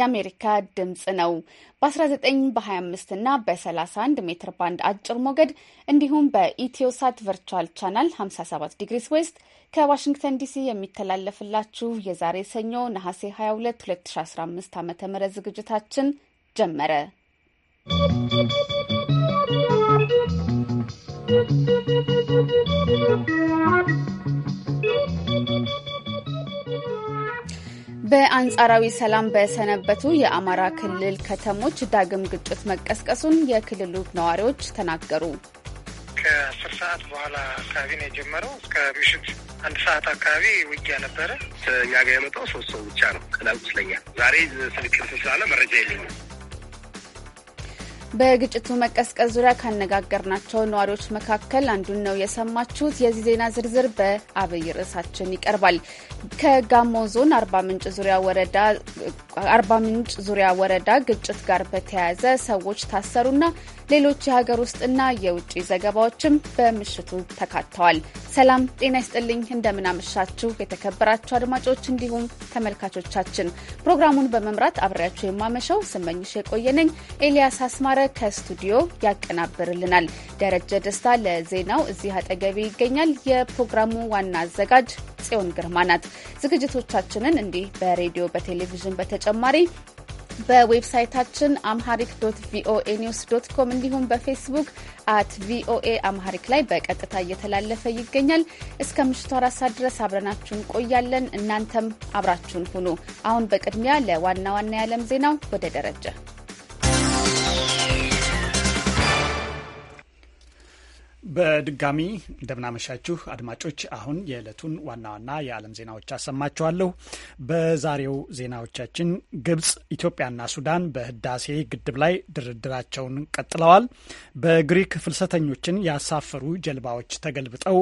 የአሜሪካ ድምፅ ነው። በ19 በ25 እና በ31 ሜትር ባንድ አጭር ሞገድ እንዲሁም በኢትዮሳት ቨርቹዋል ቻናል 57 ዲግሪስ ዌስት ከዋሽንግተን ዲሲ የሚተላለፍላችሁ የዛሬ ሰኞ ነሐሴ 22 2015 ዓ ም ዝግጅታችን ጀመረ። ¶¶ በአንጻራዊ ሰላም በሰነበቱ የአማራ ክልል ከተሞች ዳግም ግጭት መቀስቀሱን የክልሉ ነዋሪዎች ተናገሩ። ከአስር ሰዓት በኋላ አካባቢ ነው የጀመረው። እስከ ምሽት አንድ ሰዓት አካባቢ ውጊያ ነበረ። እኛ ጋር የመጣው ሶስት ሰው ብቻ ነው። ከላ ቁስለኛ ዛሬ ስልክ ስላለ መረጃ የለኝም። በግጭቱ መቀስቀስ ዙሪያ ካነጋገርናቸው ነዋሪዎች መካከል አንዱን ነው የሰማችሁት። የዚህ ዜና ዝርዝር በአብይ ርዕሳችን ይቀርባል። ከጋሞ ዞን አርባ ምንጭ ዙሪያ ወረዳ አርባ ምንጭ ዙሪያ ወረዳ ግጭት ጋር በተያያዘ ሰዎች ታሰሩና ሌሎች የሀገር ውስጥና የውጭ ዘገባዎችም በምሽቱ ተካተዋል። ሰላም ጤና ይስጥልኝ። እንደምናመሻችሁ የተከበራችሁ አድማጮች እንዲሁም ተመልካቾቻችን። ፕሮግራሙን በመምራት አብሬያችሁ የማመሸው ስመኝሽ የቆየነኝ። ኤልያስ አስማረ ከስቱዲዮ ያቀናብርልናል። ደረጀ ደስታ ለዜናው እዚህ አጠገቤ ይገኛል። የፕሮግራሙ ዋና አዘጋጅ ጽዮን ግርማ ናት። ዝግጅቶቻችንን እንዲህ በሬዲዮ በቴሌቪዥን በተጨማሪ በዌብሳይታችን አምሃሪክ ዶት ቪኦኤ ኒውስ ዶት ኮም እንዲሁም በፌስቡክ አት ቪኦኤ አምሃሪክ ላይ በቀጥታ እየተላለፈ ይገኛል። እስከ ምሽቱ አራት ሰዓት ድረስ አብረናችሁ ቆያለን እናንተም አብራችሁን ሁኑ። አሁን በቅድሚያ ለዋና ዋና የዓለም ዜናው ወደ ደረጀ በድጋሚ እንደምናመሻችሁ አድማጮች፣ አሁን የዕለቱን ዋና ዋና የዓለም ዜናዎች አሰማችኋለሁ። በዛሬው ዜናዎቻችን ግብጽ፣ ኢትዮጵያና ሱዳን በህዳሴ ግድብ ላይ ድርድራቸውን ቀጥለዋል። በግሪክ ፍልሰተኞችን ያሳፈሩ ጀልባዎች ተገልብጠው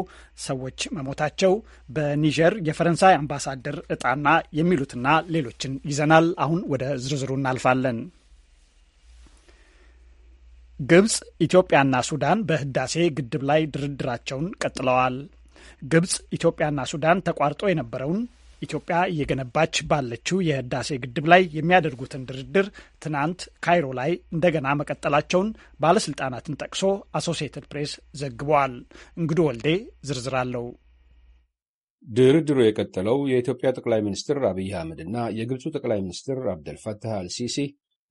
ሰዎች መሞታቸው፣ በኒጀር የፈረንሳይ አምባሳደር እጣና የሚሉትና ሌሎችን ይዘናል። አሁን ወደ ዝርዝሩ እናልፋለን። ግብጽ፣ ኢትዮጵያና ሱዳን በህዳሴ ግድብ ላይ ድርድራቸውን ቀጥለዋል። ግብፅ፣ ኢትዮጵያና ሱዳን ተቋርጦ የነበረውን ኢትዮጵያ እየገነባች ባለችው የህዳሴ ግድብ ላይ የሚያደርጉትን ድርድር ትናንት ካይሮ ላይ እንደገና መቀጠላቸውን ባለስልጣናትን ጠቅሶ አሶሲየትድ ፕሬስ ዘግበዋል። እንግዱ ወልዴ ዝርዝር አለው። ድርድሩ የቀጠለው የኢትዮጵያ ጠቅላይ ሚኒስትር አብይ አህመድ እና የግብፁ ጠቅላይ ሚኒስትር አብደልፈታህ አልሲሲ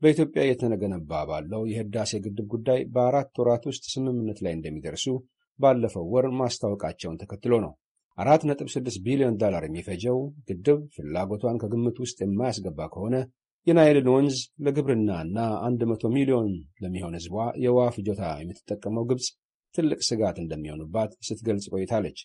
በኢትዮጵያ እየተገነባ ባለው የህዳሴ ግድብ ጉዳይ በአራት ወራት ውስጥ ስምምነት ላይ እንደሚደርሱ ባለፈው ወር ማስታወቃቸውን ተከትሎ ነው። 4.6 ቢሊዮን ዶላር የሚፈጀው ግድብ ፍላጎቷን ከግምት ውስጥ የማያስገባ ከሆነ የናይልን ወንዝ ለግብርና ለግብርናና 100 ሚሊዮን ለሚሆን ህዝቧ የውሃ ፍጆታ የምትጠቀመው ግብፅ ትልቅ ስጋት እንደሚሆኑባት ስትገልጽ ቆይታለች።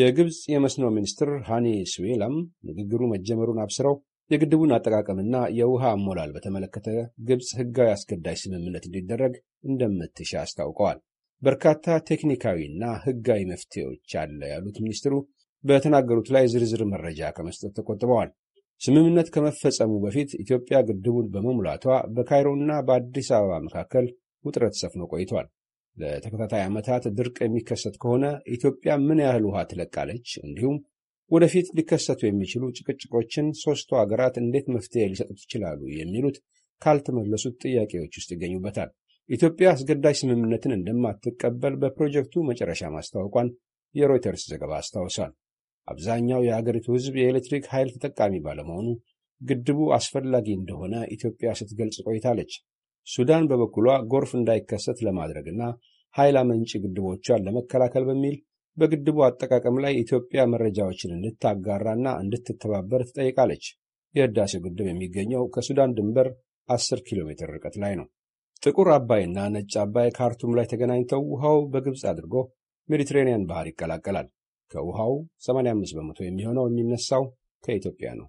የግብፅ የመስኖ ሚኒስትር ሃኒ ስዌላም ንግግሩ መጀመሩን አብስረው የግድቡን አጠቃቀምና የውሃ አሞላል በተመለከተ ግብፅ ሕጋዊ አስገዳጅ ስምምነት እንዲደረግ እንደምትሻ አስታውቀዋል። በርካታ ቴክኒካዊና ሕጋዊ መፍትሄዎች አለ ያሉት ሚኒስትሩ በተናገሩት ላይ ዝርዝር መረጃ ከመስጠት ተቆጥበዋል። ስምምነት ከመፈጸሙ በፊት ኢትዮጵያ ግድቡን በመሙላቷ በካይሮና በአዲስ አበባ መካከል ውጥረት ሰፍኖ ቆይቷል። ለተከታታይ ዓመታት ድርቅ የሚከሰት ከሆነ ኢትዮጵያ ምን ያህል ውሃ ትለቃለች? እንዲሁም ወደፊት ሊከሰቱ የሚችሉ ጭቅጭቆችን ሦስቱ አገራት እንዴት መፍትሄ ሊሰጡት ይችላሉ የሚሉት ካልተመለሱት ጥያቄዎች ውስጥ ይገኙበታል። ኢትዮጵያ አስገዳጅ ስምምነትን እንደማትቀበል በፕሮጀክቱ መጨረሻ ማስታወቋን የሮይተርስ ዘገባ አስታውሷል። አብዛኛው የአገሪቱ ሕዝብ የኤሌክትሪክ ኃይል ተጠቃሚ ባለመሆኑ ግድቡ አስፈላጊ እንደሆነ ኢትዮጵያ ስትገልጽ ቆይታለች። ሱዳን በበኩሏ ጎርፍ እንዳይከሰት ለማድረግና ኃይል መንጭ ግድቦቿን ለመከላከል በሚል በግድቡ አጠቃቀም ላይ ኢትዮጵያ መረጃዎችን እንድታጋራና እንድትተባበር ትጠይቃለች። የህዳሴው ግድብ የሚገኘው ከሱዳን ድንበር 10 ኪሎ ሜትር ርቀት ላይ ነው። ጥቁር አባይና ነጭ አባይ ካርቱም ላይ ተገናኝተው ውሃው በግብፅ አድርጎ ሜዲትሬንያን ባህር ይቀላቀላል። ከውሃው 85 በመቶ የሚሆነው የሚነሳው ከኢትዮጵያ ነው።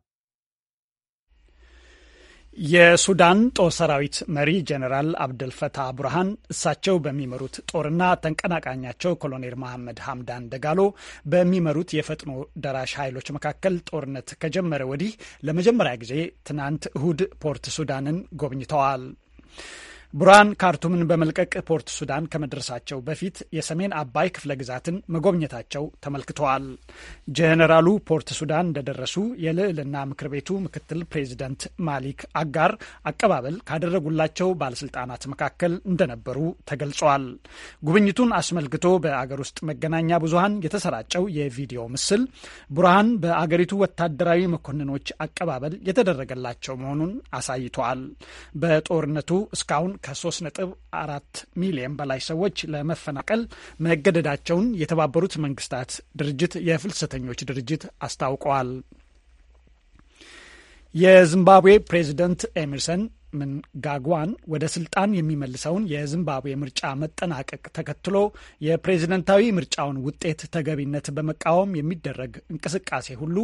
የሱዳን ጦር ሰራዊት መሪ ጀኔራል አብደልፈታህ ቡርሃን እሳቸው በሚመሩት ጦርና ተንቀናቃኛቸው ኮሎኔል መሐመድ ሀምዳን ደጋሎ በሚመሩት የፈጥኖ ደራሽ ኃይሎች መካከል ጦርነት ከጀመረ ወዲህ ለመጀመሪያ ጊዜ ትናንት እሁድ ፖርት ሱዳንን ጎብኝተዋል። ቡራን ካርቱምን በመልቀቅ ፖርት ሱዳን ከመድረሳቸው በፊት የሰሜን አባይ ክፍለ ግዛትን መጎብኘታቸው ተመልክተዋል። ጄኔራሉ ፖርት ሱዳን እንደደረሱ የልዕልና ምክር ቤቱ ምክትል ፕሬዚደንት ማሊክ አጋር አቀባበል ካደረጉላቸው ባለስልጣናት መካከል እንደነበሩ ተገልጿል። ጉብኝቱን አስመልክቶ በአገር ውስጥ መገናኛ ብዙሃን የተሰራጨው የቪዲዮ ምስል ቡርሃን በአገሪቱ ወታደራዊ መኮንኖች አቀባበል የተደረገላቸው መሆኑን አሳይተዋል። በጦርነቱ እስካሁን ከ3.4 ሚሊዮን በላይ ሰዎች ለመፈናቀል መገደዳቸውን የተባበሩት መንግስታት ድርጅት የፍልሰተኞች ድርጅት አስታውቀዋል። የዚምባብዌ ፕሬዚደንት ኤሚርሰን ምንጋጓን ወደ ስልጣን የሚመልሰውን የዚምባብዌ ምርጫ መጠናቀቅ ተከትሎ የፕሬዝደንታዊ ምርጫውን ውጤት ተገቢነት በመቃወም የሚደረግ እንቅስቃሴ ሁሉ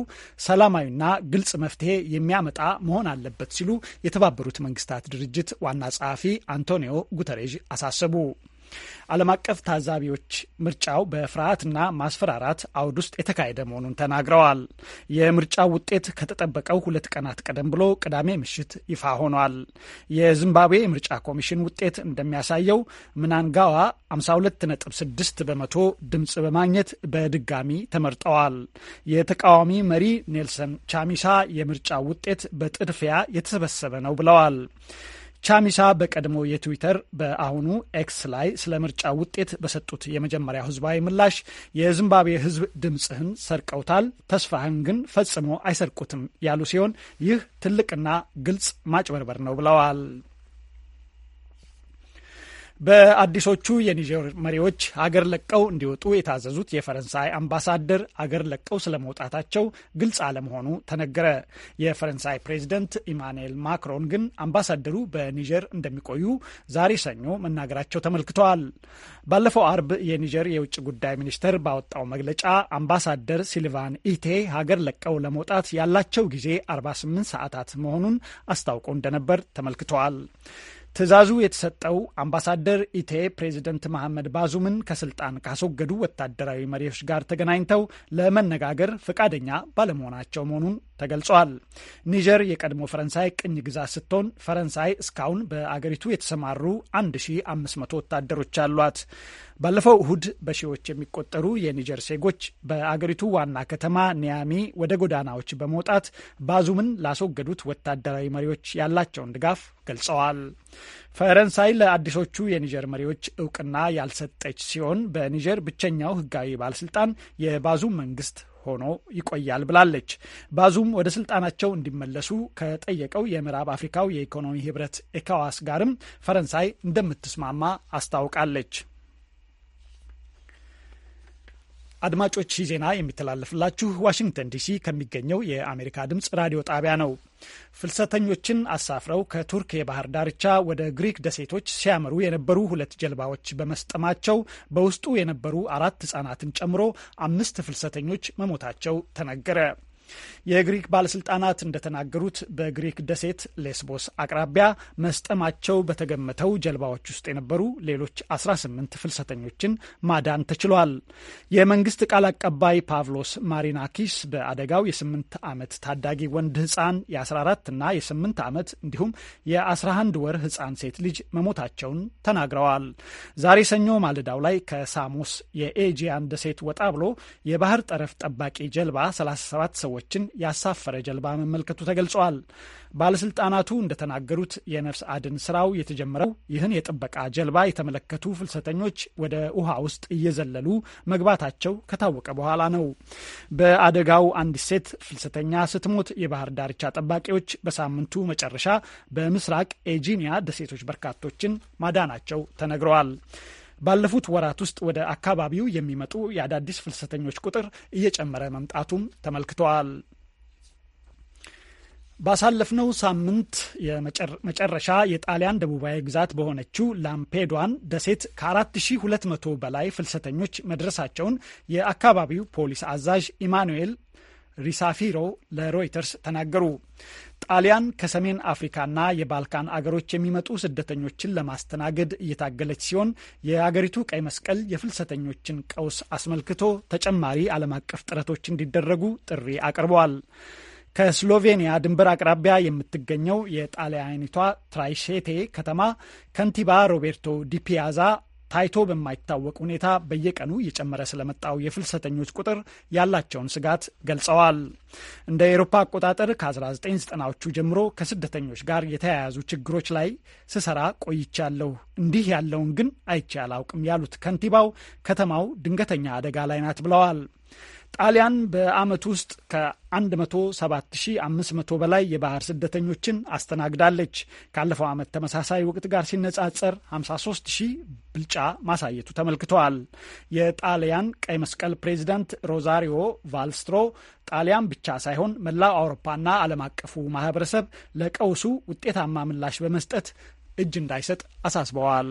ሰላማዊና ግልጽ መፍትሄ የሚያመጣ መሆን አለበት ሲሉ የተባበሩት መንግስታት ድርጅት ዋና ጸሐፊ አንቶኒዮ ጉተሬዥ አሳሰቡ። ዓለም አቀፍ ታዛቢዎች ምርጫው በፍርሃትና ማስፈራራት አውድ ውስጥ የተካሄደ መሆኑን ተናግረዋል። የምርጫው ውጤት ከተጠበቀው ሁለት ቀናት ቀደም ብሎ ቅዳሜ ምሽት ይፋ ሆኗል። የዚምባብዌ የምርጫ ኮሚሽን ውጤት እንደሚያሳየው ምናንጋዋ 52.6 በመቶ ድምፅ በማግኘት በድጋሚ ተመርጠዋል። የተቃዋሚ መሪ ኔልሰን ቻሚሳ የምርጫው ውጤት በጥድፊያ የተሰበሰበ ነው ብለዋል። ቻሚሳ በቀድሞ የትዊተር በአሁኑ ኤክስ ላይ ስለ ምርጫ ውጤት በሰጡት የመጀመሪያ ህዝባዊ ምላሽ የዚምባብዌ ህዝብ ድምፅህን ሰርቀውታል፣ ተስፋህን ግን ፈጽሞ አይሰርቁትም ያሉ ሲሆን ይህ ትልቅና ግልጽ ማጭበርበር ነው ብለዋል። በአዲሶቹ የኒጀር መሪዎች አገር ለቀው እንዲወጡ የታዘዙት የፈረንሳይ አምባሳደር አገር ለቀው ስለመውጣታቸው ግልጽ አለመሆኑ ተነገረ። የፈረንሳይ ፕሬዚደንት ኢማኑኤል ማክሮን ግን አምባሳደሩ በኒጀር እንደሚቆዩ ዛሬ ሰኞ መናገራቸው ተመልክተዋል። ባለፈው አርብ የኒጀር የውጭ ጉዳይ ሚኒስቴር ባወጣው መግለጫ አምባሳደር ሲልቫን ኢቴ ሀገር ለቀው ለመውጣት ያላቸው ጊዜ 48 ሰዓታት መሆኑን አስታውቆ እንደነበር ተመልክተዋል። ትዕዛዙ የተሰጠው አምባሳደር ኢቴ ፕሬዚደንት መሐመድ ባዙምን ከስልጣን ካስወገዱ ወታደራዊ መሪዎች ጋር ተገናኝተው ለመነጋገር ፈቃደኛ ባለመሆናቸው መሆኑን ተገልጿል። ኒጀር የቀድሞ ፈረንሳይ ቅኝ ግዛት ስትሆን ፈረንሳይ እስካሁን በአገሪቱ የተሰማሩ 1500 ወታደሮች አሏት። ባለፈው እሁድ በሺዎች የሚቆጠሩ የኒጀር ዜጎች በአገሪቱ ዋና ከተማ ኒያሚ ወደ ጎዳናዎች በመውጣት ባዙምን ላስወገዱት ወታደራዊ መሪዎች ያላቸውን ድጋፍ ገልጸዋል። ፈረንሳይ ለአዲሶቹ የኒጀር መሪዎች እውቅና ያልሰጠች ሲሆን በኒጀር ብቸኛው ሕጋዊ ባለስልጣን የባዙም መንግስት ሆኖ ይቆያል ብላለች። ባዙም ወደ ስልጣናቸው እንዲመለሱ ከጠየቀው የምዕራብ አፍሪካው የኢኮኖሚ ህብረት ኤካዋስ ጋርም ፈረንሳይ እንደምትስማማ አስታውቃለች። አድማጮች ይህ ዜና የሚተላለፍላችሁ ዋሽንግተን ዲሲ ከሚገኘው የአሜሪካ ድምፅ ራዲዮ ጣቢያ ነው። ፍልሰተኞችን አሳፍረው ከቱርክ የባህር ዳርቻ ወደ ግሪክ ደሴቶች ሲያመሩ የነበሩ ሁለት ጀልባዎች በመስጠማቸው በውስጡ የነበሩ አራት ሕጻናትን ጨምሮ አምስት ፍልሰተኞች መሞታቸው ተነገረ። የግሪክ ባለስልጣናት እንደተናገሩት በግሪክ ደሴት ሌስቦስ አቅራቢያ መስጠማቸው በተገመተው ጀልባዎች ውስጥ የነበሩ ሌሎች 18 ፍልሰተኞችን ማዳን ተችሏል። የመንግስት ቃል አቀባይ ፓቭሎስ ማሪናኪስ በአደጋው የ8 ዓመት ታዳጊ ወንድ ህፃን፣ የ14 እና የ8 ዓመት እንዲሁም የ11 ወር ህፃን ሴት ልጅ መሞታቸውን ተናግረዋል። ዛሬ ሰኞ ማለዳው ላይ ከሳሞስ የኤጂያን ደሴት ወጣ ብሎ የባህር ጠረፍ ጠባቂ ጀልባ 37 ሰዎች ሰዎችን ያሳፈረ ጀልባ መመልከቱ ተገልጿል። ባለስልጣናቱ እንደተናገሩት የነፍስ አድን ስራው የተጀመረው ይህን የጥበቃ ጀልባ የተመለከቱ ፍልሰተኞች ወደ ውሃ ውስጥ እየዘለሉ መግባታቸው ከታወቀ በኋላ ነው። በአደጋው አንዲት ሴት ፍልሰተኛ ስትሞት የባህር ዳርቻ ጠባቂዎች በሳምንቱ መጨረሻ በምስራቅ ኤጂኒያ ደሴቶች በርካቶችን ማዳናቸው ተነግረዋል። ባለፉት ወራት ውስጥ ወደ አካባቢው የሚመጡ የአዳዲስ ፍልሰተኞች ቁጥር እየጨመረ መምጣቱም ተመልክተዋል። ባሳለፍነው ሳምንት መጨረሻ የጣሊያን ደቡባዊ ግዛት በሆነችው ላምፔዷን ደሴት ከ4200 በላይ ፍልሰተኞች መድረሳቸውን የአካባቢው ፖሊስ አዛዥ ኢማኑኤል ሪሳፊሮ ለሮይተርስ ተናገሩ። ጣሊያን ከሰሜን አፍሪካና የባልካን አገሮች የሚመጡ ስደተኞችን ለማስተናገድ እየታገለች ሲሆን የአገሪቱ ቀይ መስቀል የፍልሰተኞችን ቀውስ አስመልክቶ ተጨማሪ ዓለም አቀፍ ጥረቶች እንዲደረጉ ጥሪ አቅርበዋል። ከስሎቬኒያ ድንበር አቅራቢያ የምትገኘው የጣሊያኒቷ ትራይሼቴ ከተማ ከንቲባ ሮቤርቶ ዲፒያዛ ታይቶ በማይታወቅ ሁኔታ በየቀኑ እየጨመረ ስለመጣው የፍልሰተኞች ቁጥር ያላቸውን ስጋት ገልጸዋል። እንደ ኤሮፓ አቆጣጠር ከ1990ዎቹ ጀምሮ ከስደተኞች ጋር የተያያዙ ችግሮች ላይ ስሰራ ቆይቻለሁ፣ እንዲህ ያለውን ግን አይቼ አላውቅም ያሉት ከንቲባው ከተማው ድንገተኛ አደጋ ላይ ናት ብለዋል። ጣሊያን በዓመት ውስጥ ከ107500 በላይ የባህር ስደተኞችን አስተናግዳለች። ካለፈው ዓመት ተመሳሳይ ወቅት ጋር ሲነጻጸር 53000 ብልጫ ማሳየቱ ተመልክተዋል። የጣሊያን ቀይ መስቀል ፕሬዚዳንት ሮዛሪዮ ቫልስትሮ ጣሊያን ብቻ ሳይሆን መላው አውሮፓና ዓለም አቀፉ ማህበረሰብ ለቀውሱ ውጤታማ ምላሽ በመስጠት እጅ እንዳይሰጥ አሳስበዋል።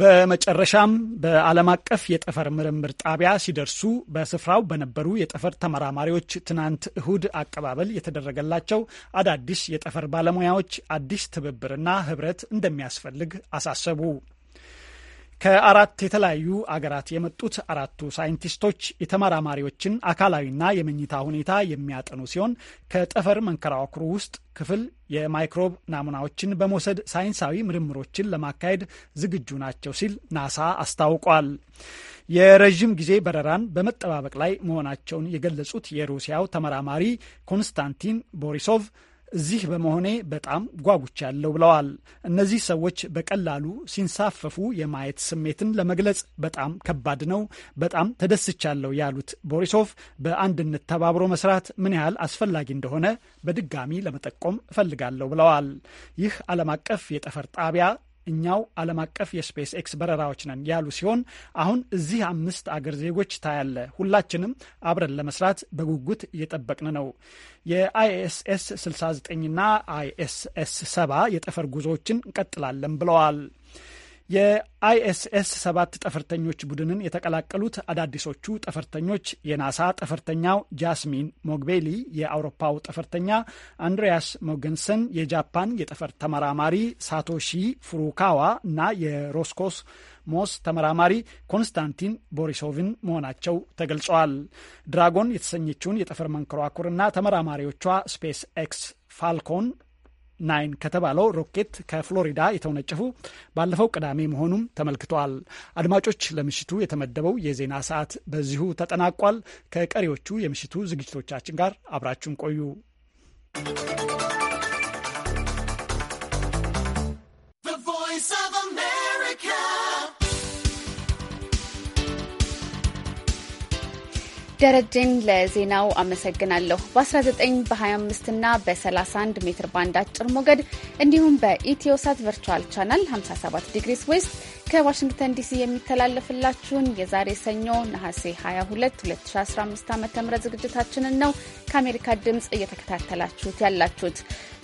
በመጨረሻም በዓለም አቀፍ የጠፈር ምርምር ጣቢያ ሲደርሱ በስፍራው በነበሩ የጠፈር ተመራማሪዎች ትናንት እሁድ አቀባበል የተደረገላቸው አዳዲስ የጠፈር ባለሙያዎች አዲስ ትብብርና ህብረት እንደሚያስፈልግ አሳሰቡ። ከአራት የተለያዩ አገራት የመጡት አራቱ ሳይንቲስቶች የተመራማሪዎችን አካላዊና የመኝታ ሁኔታ የሚያጠኑ ሲሆን ከጠፈር መንከራኩሩ ውስጥ ክፍል የማይክሮብ ናሙናዎችን በመውሰድ ሳይንሳዊ ምርምሮችን ለማካሄድ ዝግጁ ናቸው ሲል ናሳ አስታውቋል። የረዥም ጊዜ በረራን በመጠባበቅ ላይ መሆናቸውን የገለጹት የሩሲያው ተመራማሪ ኮንስታንቲን ቦሪሶቭ እዚህ በመሆኔ በጣም ጓጉቻለሁ ብለዋል። እነዚህ ሰዎች በቀላሉ ሲንሳፈፉ የማየት ስሜትን ለመግለጽ በጣም ከባድ ነው። በጣም ተደስቻለሁ ያሉት ቦሪሶቭ በአንድነት ተባብሮ መስራት ምን ያህል አስፈላጊ እንደሆነ በድጋሚ ለመጠቆም እፈልጋለሁ ብለዋል። ይህ ዓለም አቀፍ የጠፈር ጣቢያ እኛው ዓለም አቀፍ የስፔስ ኤክስ በረራዎች ነን ያሉ ሲሆን አሁን እዚህ አምስት አገር ዜጎች ታያለ። ሁላችንም አብረን ለመስራት በጉጉት እየጠበቅን ነው። የአይኤስኤስ 69ና አይኤስኤስ ሰባ የጠፈር ጉዞዎችን እንቀጥላለን ብለዋል። የአይኤስኤስ ሰባት ጠፈርተኞች ቡድንን የተቀላቀሉት አዳዲሶቹ ጠፈርተኞች የናሳ ጠፈርተኛው ጃስሚን ሞግቤሊ፣ የአውሮፓው ጠፈርተኛ አንድሪያስ ሞገንሰን፣ የጃፓን የጠፈር ተመራማሪ ሳቶሺ ፉሩካዋ እና የሮስኮስ ሞስ ተመራማሪ ኮንስታንቲን ቦሪሶቭን መሆናቸው ተገልጸዋል። ድራጎን የተሰኘችውን የጠፈር መንኮራኩርና ተመራማሪዎቿ ስፔስ ኤክስ ፋልኮን ናይን ከተባለው ሮኬት ከፍሎሪዳ የተወነጨፉ ባለፈው ቅዳሜ መሆኑም ተመልክቷል። አድማጮች፣ ለምሽቱ የተመደበው የዜና ሰዓት በዚሁ ተጠናቋል። ከቀሪዎቹ የምሽቱ ዝግጅቶቻችን ጋር አብራችሁን ቆዩ። ደረጀን ለዜናው አመሰግናለሁ። በ19 በ25 እና በ31 ሜትር ባንድ አጭር ሞገድ እንዲሁም በኢትዮሳት ቨርቹዋል ቻናል 57 ዲግሪስ ዌስት ከዋሽንግተን ዲሲ የሚተላለፍላችሁን የዛሬ ሰኞ ነሐሴ 22 2015 ዓ ም ዝግጅታችንን ነው ከአሜሪካ ድምፅ እየተከታተላችሁት ያላችሁት።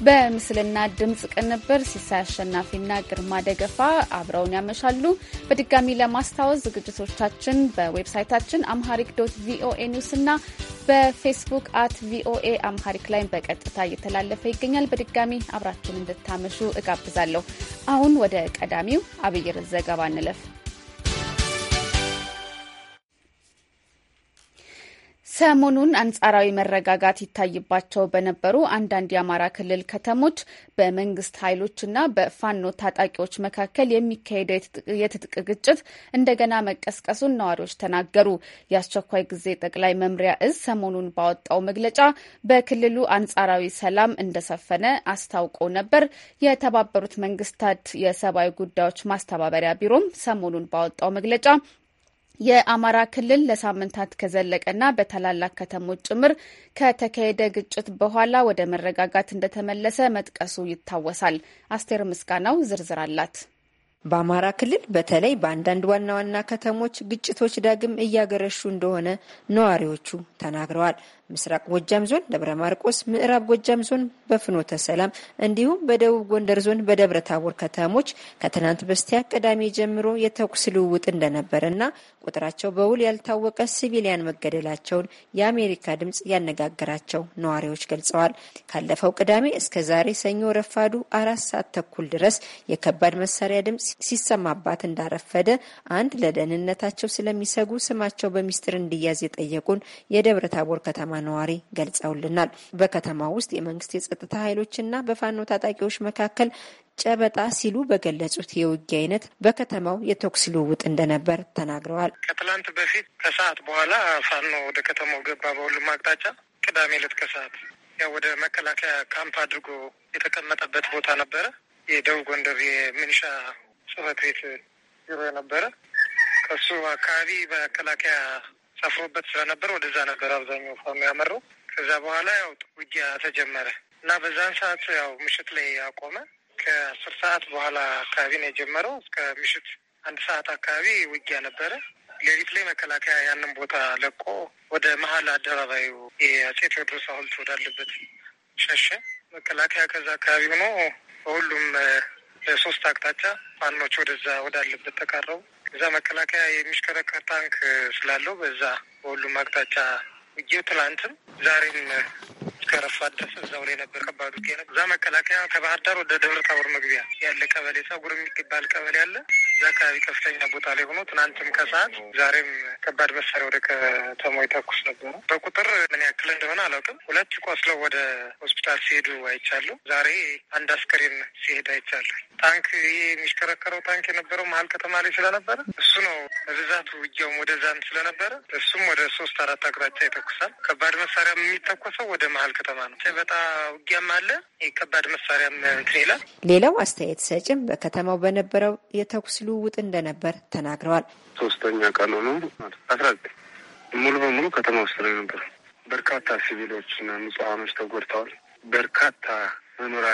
በምስልና ድምፅ ቅንብር ሲሳይ አሸናፊና ግርማ ደገፋ አብረውን ያመሻሉ። በድጋሚ ለማስታወስ ዝግጅቶቻችን በዌብሳይታችን አምሃሪክ ዶት ቪኦኤ ኒውስ እና በፌስቡክ አት ቪኦኤ አምሃሪክ ላይ በቀጥታ እየተላለፈ ይገኛል። በድጋሚ አብራችን እንድታመሹ እጋብዛለሁ። አሁን ወደ ቀዳሚው አብይር ዘገባ እንለፍ። ሰሞኑን አንጻራዊ መረጋጋት ይታይባቸው በነበሩ አንዳንድ የአማራ ክልል ከተሞች በመንግስት ኃይሎችና በፋኖ ታጣቂዎች መካከል የሚካሄደው የትጥቅ ግጭት እንደገና መቀስቀሱን ነዋሪዎች ተናገሩ። የአስቸኳይ ጊዜ ጠቅላይ መምሪያ እዝ ሰሞኑን ባወጣው መግለጫ በክልሉ አንጻራዊ ሰላም እንደሰፈነ አስታውቆ ነበር። የተባበሩት መንግስታት የሰብአዊ ጉዳዮች ማስተባበሪያ ቢሮም ሰሞኑን ባወጣው መግለጫ የአማራ ክልል ለሳምንታት ከዘለቀና በታላላቅ ከተሞች ጭምር ከተካሄደ ግጭት በኋላ ወደ መረጋጋት እንደተመለሰ መጥቀሱ ይታወሳል። አስቴር ምስጋናው ዝርዝር አላት። በአማራ ክልል በተለይ በአንዳንድ ዋና ዋና ከተሞች ግጭቶች ዳግም እያገረሹ እንደሆነ ነዋሪዎቹ ተናግረዋል። ምስራቅ ጎጃም ዞን ደብረ ማርቆስ፣ ምዕራብ ጎጃም ዞን በፍኖተ ሰላም እንዲሁም በደቡብ ጎንደር ዞን በደብረ ታቦር ከተሞች ከትናንት በስቲያ ቅዳሜ ጀምሮ የተኩስ ልውውጥ እንደነበረና ቁጥራቸው በውል ያልታወቀ ሲቪሊያን መገደላቸውን የአሜሪካ ድምጽ ያነጋገራቸው ነዋሪዎች ገልጸዋል። ካለፈው ቅዳሜ እስከ ዛሬ ሰኞ ረፋዱ አራት ሰዓት ተኩል ድረስ የከባድ መሳሪያ ድምጽ ሲሰማባት እንዳረፈደ አንድ ለደህንነታቸው ስለሚሰጉ ስማቸው በሚስጥር እንዲያዝ የጠየቁን የደብረ ታቦር ከተማ ነዋሪ ገልጸውልናል። በከተማ ውስጥ የመንግስት የጸጥታ ኃይሎችና በፋኖ ታጣቂዎች መካከል ጨበጣ ሲሉ በገለጹት የውጊ አይነት በከተማው የተኩስ ልውውጥ እንደነበር ተናግረዋል። ከትላንት በፊት ከሰዓት በኋላ ፋኖ ወደ ከተማው ገባ። በሁሉም አቅጣጫ ቅዳሜ ዕለት ከሰዓት ያው ወደ መከላከያ ካምፕ አድርጎ የተቀመጠበት ቦታ ነበረ። የደቡብ ጎንደር የምንሻ ጽፈት ቤት ቢሮ ነበረ። ከሱ አካባቢ መከላከያ ሰፍሮበት ስለነበር ወደዛ ነበር አብዛኛው የሚያመራው። ከዛ በኋላ ያው ውጊያ ተጀመረ እና በዛን ሰዓት ያው ምሽት ላይ ያቆመ ከአስር ሰዓት በኋላ አካባቢ ነው የጀመረው። እስከ ምሽት አንድ ሰዓት አካባቢ ውጊያ ነበረ። ሌሊት ላይ መከላከያ ያንን ቦታ ለቆ ወደ መሀል አደባባዩ የአፄ ቴዎድሮስ ሐውልት ወዳለበት ሸሸ። መከላከያ ከዛ አካባቢ ሆኖ በሁሉም በሶስት አቅጣጫ ፋኖች ወደዛ ወዳለበት ተቃረቡ። እዛ መከላከያ የሚሽከረከር ታንክ ስላለው በዛ በሁሉም አቅጣጫ ውጌ ትላንትም ዛሬም እስከ ረፋት ድረስ እዛው ላይ ነበር። ከባዱ ጤና እዛ መከላከያ ከባህር ዳር ወደ ደብረ ታቦር መግቢያ ያለ ቀበሌ ጸጉር የሚባል ቀበሌ አለ። እዛ አካባቢ ከፍተኛ ቦታ ላይ ሆኖ ትናንትም ከሰዓት ዛሬም ከባድ መሳሪያ ወደ ከተማው ይተኩስ ነበረ። በቁጥር ምን ያክል እንደሆነ አላውቅም። ሁለት ቆስለው ወደ ሆስፒታል ሲሄዱ አይቻሉ። ዛሬ አንድ አስከሬን ሲሄድ አይቻሉ። ታንክ የሚሽከረከረው ታንክ የነበረው መሀል ከተማ ላይ ስለነበረ እሱ ነው በብዛት ውጊያውም ወደዛን ስለነበረ እሱም ወደ ሶስት አራት አቅጣጫ ይተኩሳል። ከባድ መሳሪያ የሚተኮሰው ወደ መሀል ከተማ ነው። በጣ ውጊያም አለ የከባድ መሳሪያም እንትን ይላል። ሌላው አስተያየት ሰጭም በከተማው በነበረው የተኩስ ልውውጥ እንደነበር ተናግረዋል። ሶስተኛ ቀኑ ነው አስራ ዘጠኝ ሙሉ በሙሉ ከተማ ውስጥ ነው የነበረው። በርካታ ሲቪሎችና ንጹሐኖች ተጎድተዋል። በርካታ መኖሪያ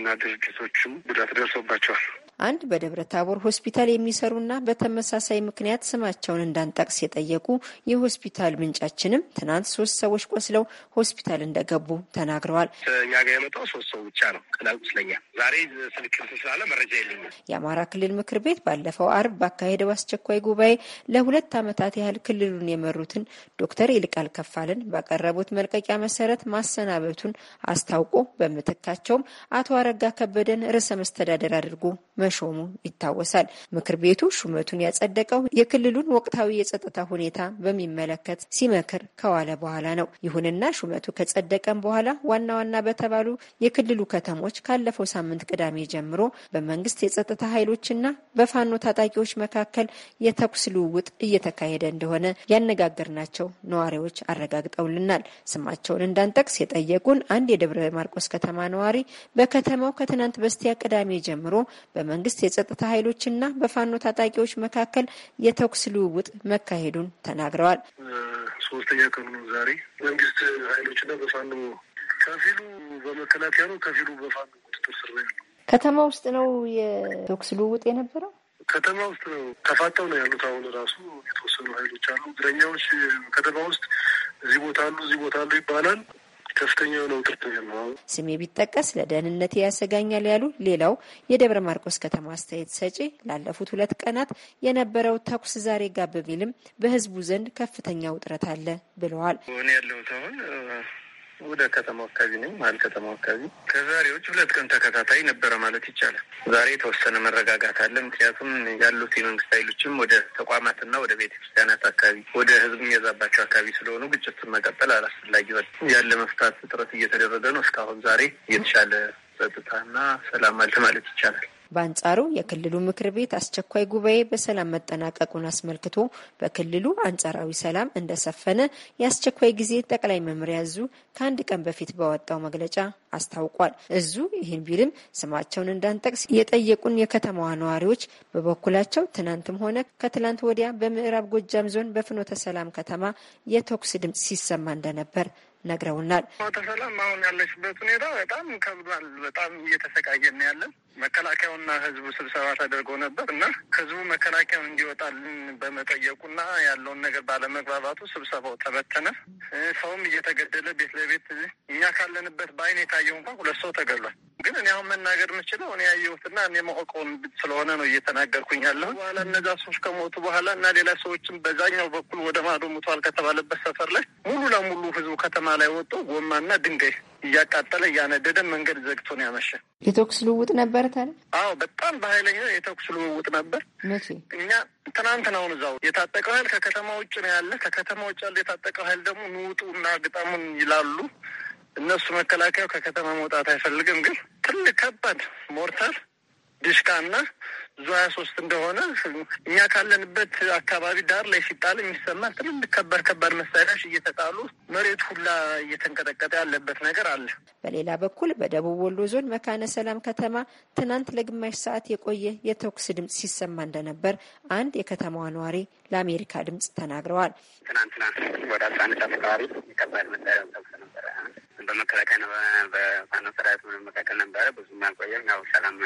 እና ድርጅቶችም ጉዳት ደርሶባቸዋል። አንድ በደብረ ታቦር ሆስፒታል የሚሰሩና በተመሳሳይ ምክንያት ስማቸውን እንዳንጠቅስ የጠየቁ የሆስፒታል ምንጫችንም ትናንት ሶስት ሰዎች ቆስለው ሆስፒታል እንደገቡ ተናግረዋል። እኛ ጋር የመጣው ሶስት ሰው ብቻ ነው። ቀላል ቁስለኛ ዛሬ ስልክ ስላለ መረጃ የለኝም። የአማራ ክልል ምክር ቤት ባለፈው አርብ ባካሄደው አስቸኳይ ጉባኤ ለሁለት ዓመታት ያህል ክልሉን የመሩትን ዶክተር ይልቃል ከፋልን ባቀረቡት መልቀቂያ መሰረት ማሰናበቱን አስታውቆ በምትካቸውም አቶ አረጋ ከበደን ርዕሰ መስተዳደር አድርጎ መሾሙ ይታወሳል። ምክር ቤቱ ሹመቱን ያጸደቀው የክልሉን ወቅታዊ የጸጥታ ሁኔታ በሚመለከት ሲመክር ከዋለ በኋላ ነው። ይሁንና ሹመቱ ከጸደቀም በኋላ ዋና ዋና በተባሉ የክልሉ ከተሞች ካለፈው ሳምንት ቅዳሜ ጀምሮ በመንግስት የጸጥታ ኃይሎችና በፋኖ ታጣቂዎች መካከል የተኩስ ልውውጥ እየተካሄደ እንደሆነ ያነጋገርናቸው ነዋሪዎች አረጋግጠውልናል። ስማቸውን እንዳንጠቅስ የጠየቁን አንድ የደብረ ማርቆስ ከተማ ነዋሪ በከተማው ከትናንት በስቲያ ቅዳሜ ጀምሮ በመ በመንግስት የጸጥታ ኃይሎችና በፋኖ ታጣቂዎች መካከል የተኩስ ልውውጥ መካሄዱን ተናግረዋል። ሶስተኛ ቀኑ ነው ዛሬ። መንግስት ኃይሎችና በፋኖ ከፊሉ በመከላከያ ነው፣ ከፊሉ በፋኖ ቁጥጥር ስር ነው ያለው። ከተማ ውስጥ ነው የተኩስ ልውውጥ የነበረው። ከተማ ውስጥ ነው ተፋጠው ነው ያሉት። አሁን ራሱ የተወሰኑ ኃይሎች አሉ፣ እግረኛዎች ከተማ ውስጥ እዚህ ቦታ አሉ፣ እዚህ ቦታ አሉ ይባላል። ከፍተኛ የሆነ ውጥረት ነው። ስሜ ቢጠቀስ ለደህንነቴ ያሰጋኛል ያሉ ሌላው የደብረ ማርቆስ ከተማ አስተያየት ሰጪ ላለፉት ሁለት ቀናት የነበረው ተኩስ ዛሬ ጋብ ቢልም በህዝቡ ዘንድ ከፍተኛ ውጥረት አለ ብለዋል። እኔ ያለሁት አሁን ወደ ከተማው አካባቢ ነኝ፣ መሀል ከተማው አካባቢ። ከዛሬዎች ሁለት ቀን ተከታታይ ነበረ ማለት ይቻላል። ዛሬ የተወሰነ መረጋጋት አለ። ምክንያቱም ያሉት የመንግስት ኃይሎችም ወደ ተቋማትና ወደ ቤተክርስቲያናት አካባቢ ወደ ህዝብ የሚያዛባቸው አካባቢ ስለሆኑ ግጭት መቀጠል አላስፈላጊ ያለ መፍታት ጥረት እየተደረገ ነው። እስካሁን ዛሬ የተሻለ ጸጥታና ሰላም አለ ማለት ይቻላል። በአንጻሩ የክልሉ ምክር ቤት አስቸኳይ ጉባኤ በሰላም መጠናቀቁን አስመልክቶ በክልሉ አንጻራዊ ሰላም እንደሰፈነ የአስቸኳይ ጊዜ ጠቅላይ መምሪያ እዙ ከአንድ ቀን በፊት በወጣው መግለጫ አስታውቋል። እዙ ይህን ቢልም ስማቸውን እንዳንጠቅስ የጠየቁን የከተማዋ ነዋሪዎች በበኩላቸው ትናንትም ሆነ ከትላንት ወዲያ በምዕራብ ጎጃም ዞን በፍኖተ ሰላም ከተማ የተኩስ ድምፅ ሲሰማ እንደነበር ነግረውናል። ሰላም አሁን ያለችበት ሁኔታ በጣም ከብዷል። በጣም እየተሰቃየን ያለን መከላከያውና ህዝቡ ስብሰባ ተደርጎ ነበር እና ህዝቡ መከላከያው እንዲወጣልን በመጠየቁና ያለውን ነገር ባለመግባባቱ ስብሰባው ተበተነ። ሰውም እየተገደለ ቤት ለቤት እኛ ካለንበት በአይን የታየው እንኳ ሁለት ሰው ተገሏል። ግን እኔ አሁን መናገር የምችለው እኔ ያየሁትና እኔ ማወቀውን ስለሆነ ነው እየተናገርኩኝ ያለሁ። በኋላ እነዛ ሰዎች ከሞቱ በኋላ እና ሌላ ሰዎችም በዛኛው በኩል ወደ ማዶ ሙቷል ከተባለበት ሰፈር ላይ ሙሉ ለሙሉ ህዝቡ ከተማ ላይ ወጥቶ ጎማና ድንጋይ እያቃጠለ እያነደደ መንገድ ዘግቶ ነው ያመሸ። የተኩስ ልውውጥ ነበር። ነበረ አዎ በጣም በኃይለኛ የተኩስ ልውውጥ ነበር። መቼ? እኛ ትናንትናውን እዛው የታጠቀው ኃይል ከከተማ ውጭ ነው ያለ። ከከተማ ውጭ ያለ የታጠቀው ኃይል ደግሞ ንውጡ እና ግጠሙን ይላሉ። እነሱ መከላከያው ከከተማ መውጣት አይፈልግም። ግን ትልቅ ከባድ ሞርታል ዲሽካ እና ዙ ሀያ ሶስት እንደሆነ እኛ ካለንበት አካባቢ ዳር ላይ ሲጣል የሚሰማ ትልልቅ ከባድ ከባድ መሳሪያዎች እየተጣሉ መሬት ሁላ እየተንቀጠቀጠ ያለበት ነገር አለ። በሌላ በኩል በደቡብ ወሎ ዞን መካነ ሰላም ከተማ ትናንት ለግማሽ ሰዓት የቆየ የተኩስ ድምፅ ሲሰማ እንደነበር አንድ የከተማዋ ነዋሪ ለአሜሪካ ድምፅ ተናግረዋል። ትናንትና ወደ አስራ አንድ ሰዓት አካባቢ የከባድ መሳሪያ ተኩስ ነበረ። በመከላከያ በፋኖ ሰራዊት መካከል ነበረ። ብዙም አልቆየም። ያው ሰላም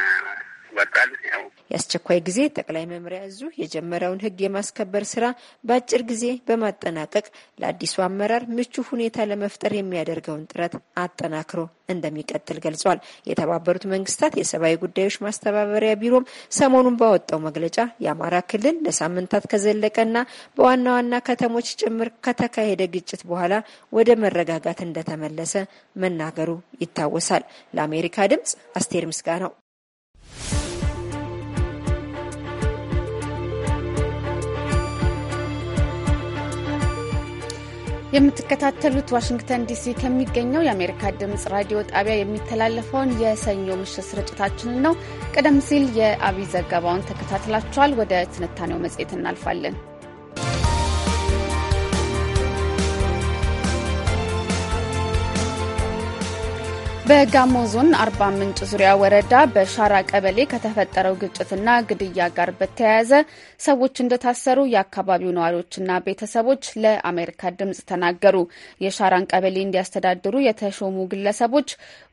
ይወጣል። ያው የአስቸኳይ ጊዜ ጠቅላይ መምሪያ እዙ የጀመረውን ህግ የማስከበር ስራ በአጭር ጊዜ በማጠናቀቅ ለአዲሱ አመራር ምቹ ሁኔታ ለመፍጠር የሚያደርገውን ጥረት አጠናክሮ እንደሚቀጥል ገልጿል። የተባበሩት መንግስታት የሰብአዊ ጉዳዮች ማስተባበሪያ ቢሮም ሰሞኑን ባወጣው መግለጫ የአማራ ክልል ለሳምንታት ከዘለቀና በዋና ዋና ከተሞች ጭምር ከተካሄደ ግጭት በኋላ ወደ መረጋጋት እንደተመለሰ መናገሩ ይታወሳል። ለአሜሪካ ድምጽ አስቴር ምስጋ ነው። የምትከታተሉት ዋሽንግተን ዲሲ ከሚገኘው የአሜሪካ ድምፅ ራዲዮ ጣቢያ የሚተላለፈውን የሰኞ ምሽት ስርጭታችንን ነው። ቀደም ሲል የአብይ ዘገባውን ተከታትላችኋል። ወደ ትንታኔው መጽሔት እናልፋለን። በጋሞ ዞን አርባ ምንጭ ዙሪያ ወረዳ በሻራ ቀበሌ ከተፈጠረው ግጭትና ግድያ ጋር በተያያዘ ሰዎች እንደታሰሩ የአካባቢው ነዋሪዎችና ቤተሰቦች ለአሜሪካ ድምጽ ተናገሩ። የሻራን ቀበሌ እንዲያስተዳድሩ የተሾሙ ግለሰቦች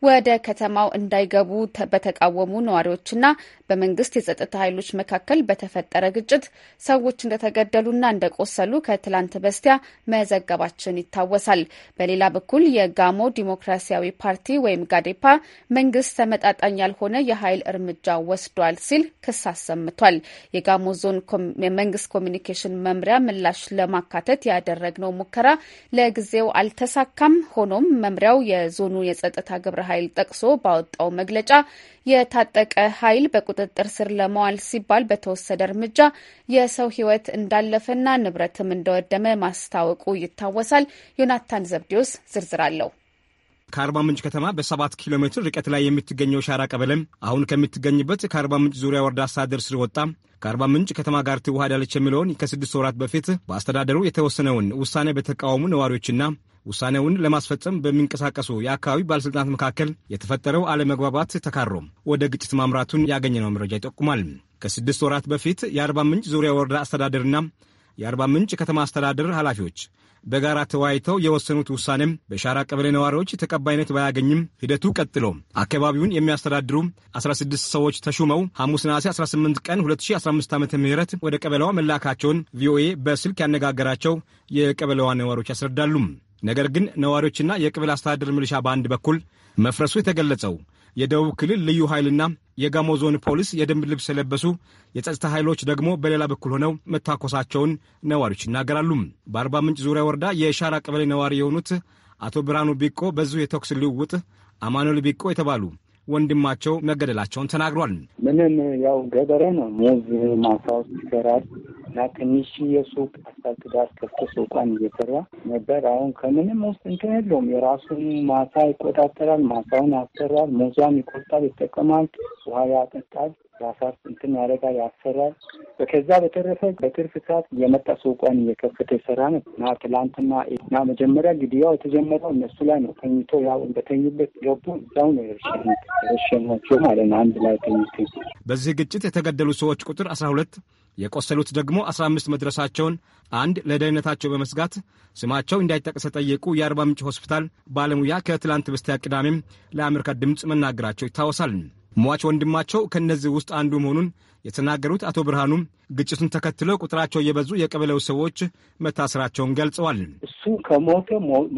ወደ ከተማው እንዳይገቡ በተቃወሙ ነዋሪዎችና በመንግስት የጸጥታ ኃይሎች መካከል በተፈጠረ ግጭት ሰዎች እንደተገደሉና እንደቆሰሉ ከትላንት በስቲያ መዘገባችን ይታወሳል። በሌላ በኩል የጋሞ ዲሞክራሲያዊ ፓርቲ ወይም ወይም ጋዴፓ መንግስት ተመጣጣኝ ያልሆነ የኃይል እርምጃ ወስዷል ሲል ክስ አሰምቷል። የጋሞ ዞን የመንግስት ኮሚኒኬሽን መምሪያ ምላሽ ለማካተት ያደረግነው ሙከራ ለጊዜው አልተሳካም። ሆኖም መምሪያው የዞኑ የጸጥታ ግብረ ኃይል ጠቅሶ ባወጣው መግለጫ የታጠቀ ኃይል በቁጥጥር ስር ለመዋል ሲባል በተወሰደ እርምጃ የሰው ሕይወት እንዳለፈና ንብረትም እንደወደመ ማስታወቁ ይታወሳል። ዮናታን ዘብዲዮስ ዝርዝር አለው። ከአርባ ምንጭ ከተማ በሰባት ኪሎ ሜትር ርቀት ላይ የምትገኘው ሻራ ቀበሌም አሁን ከምትገኝበት ከአርባ ምንጭ ዙሪያ ወረዳ አስተዳደር ስር ወጣ ከአርባ ምንጭ ከተማ ጋር ትዋሃዳለች የሚለውን ከስድስት ወራት በፊት በአስተዳደሩ የተወሰነውን ውሳኔ በተቃወሙ ነዋሪዎችና ውሳኔውን ለማስፈጸም በሚንቀሳቀሱ የአካባቢ ባለሥልጣናት መካከል የተፈጠረው አለመግባባት ተካሮ ወደ ግጭት ማምራቱን ያገኘነው መረጃ ይጠቁማል። ከስድስት ወራት በፊት የአርባ ምንጭ ዙሪያ ወረዳ አስተዳደርና የአርባ ምንጭ ከተማ አስተዳደር ኃላፊዎች በጋራ ተወያይተው የወሰኑት ውሳኔም በሻራ ቀበሌ ነዋሪዎች ተቀባይነት ባያገኝም ሂደቱ ቀጥሎ አካባቢውን የሚያስተዳድሩ 16 ሰዎች ተሹመው ሐሙስ ነሐሴ 18 ቀን 2015 ዓ ም ወደ ቀበለዋ መላካቸውን ቪኦኤ በስልክ ያነጋገራቸው የቀበሌዋ ነዋሪዎች ያስረዳሉ። ነገር ግን ነዋሪዎችና የቀበሌ አስተዳደር ምልሻ በአንድ በኩል መፍረሱ የተገለጸው የደቡብ ክልል ልዩ ኃይልና የጋሞ ዞን ፖሊስ የደንብ ልብስ የለበሱ የጸጥታ ኃይሎች ደግሞ በሌላ በኩል ሆነው መታኮሳቸውን ነዋሪዎች ይናገራሉ። በአርባ ምንጭ ዙሪያ ወረዳ የሻራ ቀበሌ ነዋሪ የሆኑት አቶ ብርሃኑ ቢቆ በዚሁ የተኩስ ልውውጥ አማኑኤል ቢቆ የተባሉ ወንድማቸው መገደላቸውን ተናግሯል። ምንም ያው ገበሬ ነው። ሙዝ ማሳ ውስጥ ይሰራል። እና ትንሽ የሱቅ አስፋልት ዳር ከፍቶ ሱቋን እየሰራ ነበር። አሁን ከምንም ውስጥ እንትን የለውም። የራሱን ማሳ ይቆጣጠራል፣ ማሳውን ያሰራል፣ ሙዟን ይቆርጣል፣ ይጠቀማል፣ ውሃ ያጠጣል፣ ራሳት እንትን ያደርጋል፣ ያሰራል። ከዛ በተረፈ በትርፍ ሰዓት እየመጣ ሱቋን እየከፈተ ይሰራ ነው እና ትላንትና እና መጀመሪያ ግድያው የተጀመረው እነሱ ላይ ነው። ተኝቶ ያው በተኙበት ገቡ። እዛው ነው የረሸኗቸው ማለት ነው። አንድ ላይ ተኝቶ በዚህ ግጭት የተገደሉ ሰዎች ቁጥር አስራ ሁለት የቆሰሉት ደግሞ 15 መድረሳቸውን አንድ ለደህንነታቸው በመስጋት ስማቸው እንዳይጠቀስ የጠየቁ የአርባ ምንጭ ሆስፒታል ባለሙያ ከትላንት በስቲያ ቅዳሜም ለአሜሪካ ድምፅ መናገራቸው ይታወሳል። ሟች ወንድማቸው ከእነዚህ ውስጥ አንዱ መሆኑን የተናገሩት አቶ ብርሃኑም ግጭቱን ተከትሎ ቁጥራቸው እየበዙ የቀበሌው ሰዎች መታሰራቸውን ገልጸዋል። እሱ ከሞተ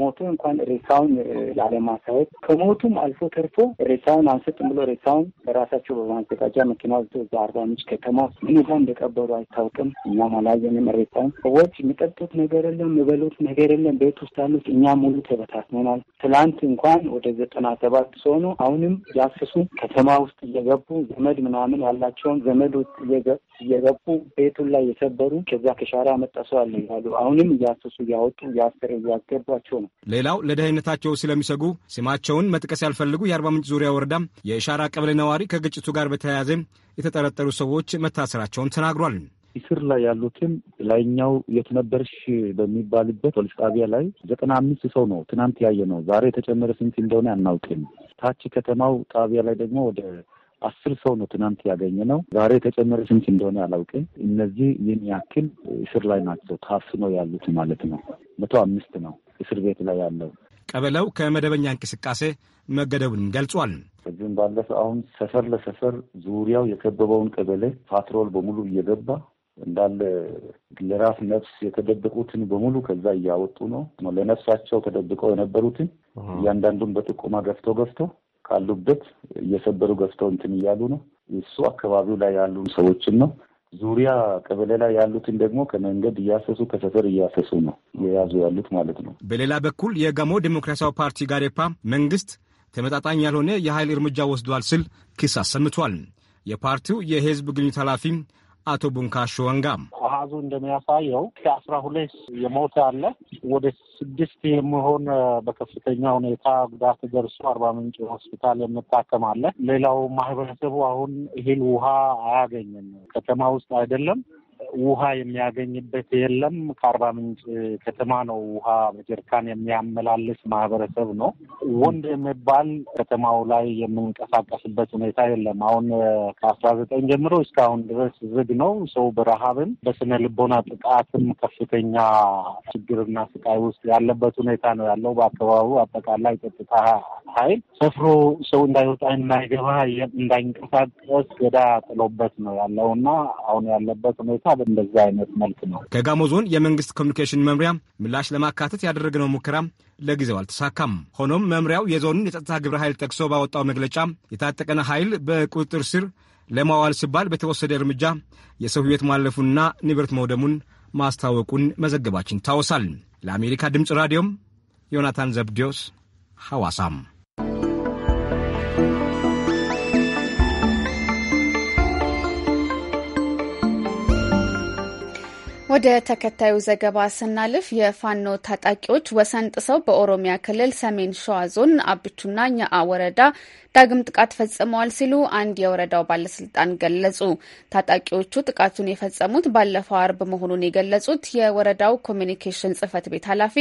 ሞቶ እንኳን ሬሳውን ላለማሳየት ከሞቱም አልፎ ተርፎ ሬሳውን አንሰጥም ብሎ ሬሳውን በራሳቸው በማዘጋጃ መኪና ወስዶ እዛ አርባ ምንጭ ከተማ ምን ይዛ እንደቀበሩ አይታወቅም። እኛም አላየንም ሬሳውን። ሰዎች የሚጠጡት ነገር የለም፣ የሚበሉት ነገር የለም። ቤት ውስጥ ያሉት እኛ ሙሉ ተበታትነናል። ትላንት እንኳን ወደ ዘጠና ሰባት ሲሆኑ አሁንም ያስሱ ከተማ ውስጥ እየገቡ ዘመድ ምናምን ያላቸውን ዘመድ እየገደሉት እየገቡ ቤቱን ላይ የሰበሩ ከዛ ከሻራ መጣ ሰው አለ ያሉ አሁንም እያሰሱ እያወጡ እያስር እያስገቧቸው ነው። ሌላው ለደህንነታቸው ስለሚሰጉ ስማቸውን መጥቀስ ያልፈልጉ የአርባ ምንጭ ዙሪያ ወረዳ የሻራ ቀበሌ ነዋሪ ከግጭቱ ጋር በተያያዘ የተጠረጠሩ ሰዎች መታሰራቸውን ተናግሯል። እስር ላይ ያሉትም ላይኛው የት ነበርሽ በሚባልበት ፖሊስ ጣቢያ ላይ ዘጠና አምስት ሰው ነው ትናንት ያየ ነው። ዛሬ የተጨመረ ስንት እንደሆነ አናውቅም። ታች ከተማው ጣቢያ ላይ ደግሞ ወደ አስር ሰው ነው ትናንት ያገኘ ነው። ዛሬ የተጨመረ ስንት እንደሆነ አላውቅም። እነዚህ ይህን ያክል እስር ላይ ናቸው፣ ታፍነው ያሉት ማለት ነው። መቶ አምስት ነው እስር ቤት ላይ ያለው። ቀበሌው ከመደበኛ እንቅስቃሴ መገደቡን ገልጿል። ከዚህም ባለፈ አሁን ሰፈር ለሰፈር ዙሪያው የከበበውን ቀበሌ ፓትሮል በሙሉ እየገባ እንዳለ ለራስ ነፍስ የተደበቁትን በሙሉ ከዛ እያወጡ ነው። ለነፍሳቸው ተደብቀው የነበሩትን እያንዳንዱን በጥቆማ ገፍቶ ገፍቶ ካሉበት እየሰበሩ ገፍተው እንትን እያሉ ነው። እሱ አካባቢው ላይ ያሉ ሰዎችን ነው። ዙሪያ ቀበሌ ላይ ያሉትን ደግሞ ከመንገድ እያሰሱ ከሰፈር እያሰሱ ነው የያዙ ያሉት ማለት ነው። በሌላ በኩል የጋሞ ዴሞክራሲያዊ ፓርቲ ጋዴፓ መንግስት ተመጣጣኝ ያልሆነ የኃይል እርምጃ ወስዷል ስል ክስ አሰምቷል። የፓርቲው የህዝብ ግንኙነት ኃላፊ አቶ ቡንካሾ ወንጋም አሃዙ እንደሚያሳየው ከአስራ ሁለት የሞተ አለ ወደ ስድስት የሚሆን በከፍተኛ ሁኔታ ጉዳት ደርሶ አርባ ምንጭ ሆስፒታል የምታከም አለ። ሌላው ማህበረሰቡ አሁን እህል ውሃ አያገኝም። ከተማ ውስጥ አይደለም ውሃ የሚያገኝበት የለም። ከአርባ ምንጭ ከተማ ነው ውሃ በጀሪካን የሚያመላልስ ማህበረሰብ ነው። ወንድ የሚባል ከተማው ላይ የምንቀሳቀስበት ሁኔታ የለም። አሁን ከአስራ ዘጠኝ ጀምሮ እስካሁን ድረስ ዝግ ነው። ሰው በረሃብም በስነ ልቦና ጥቃትም ከፍተኛ ችግርና ስቃይ ውስጥ ያለበት ሁኔታ ነው ያለው። በአካባቢው አጠቃላይ ጸጥታ ኃይል ሰፍሮ ሰው እንዳይወጣ እንዳይገባ፣ እንዳይንቀሳቀስ ገዳ ጥሎበት ነው ያለው እና አሁን ያለበት ሁኔታ በእንደዛ አይነት መልክ ነው። ከጋሞ ዞን የመንግስት ኮሚኒኬሽን መምሪያ ምላሽ ለማካተት ያደረግነው ሙከራ ለጊዜው አልተሳካም። ሆኖም መምሪያው የዞኑን የጸጥታ ግብረ ኃይል ጠቅሶ ባወጣው መግለጫ የታጠቀን ኃይል በቁጥጥር ስር ለማዋል ሲባል በተወሰደ እርምጃ የሰው ህይወት ማለፉና ንብረት መውደሙን ማስታወቁን መዘገባችን ይታወሳል። ለአሜሪካ ድምፅ ራዲዮም ዮናታን ዘብዲዮስ ሐዋሳም ወደ ተከታዩ ዘገባ ስናልፍ የፋኖ ታጣቂዎች ወሰን ጥሰው በኦሮሚያ ክልል ሰሜን ሸዋ ዞን አብቹና ኛአ ወረዳ ዳግም ጥቃት ፈጽመዋል ሲሉ አንድ የወረዳው ባለስልጣን ገለጹ። ታጣቂዎቹ ጥቃቱን የፈጸሙት ባለፈው አርብ መሆኑን የገለጹት የወረዳው ኮሚኒኬሽን ጽህፈት ቤት ኃላፊ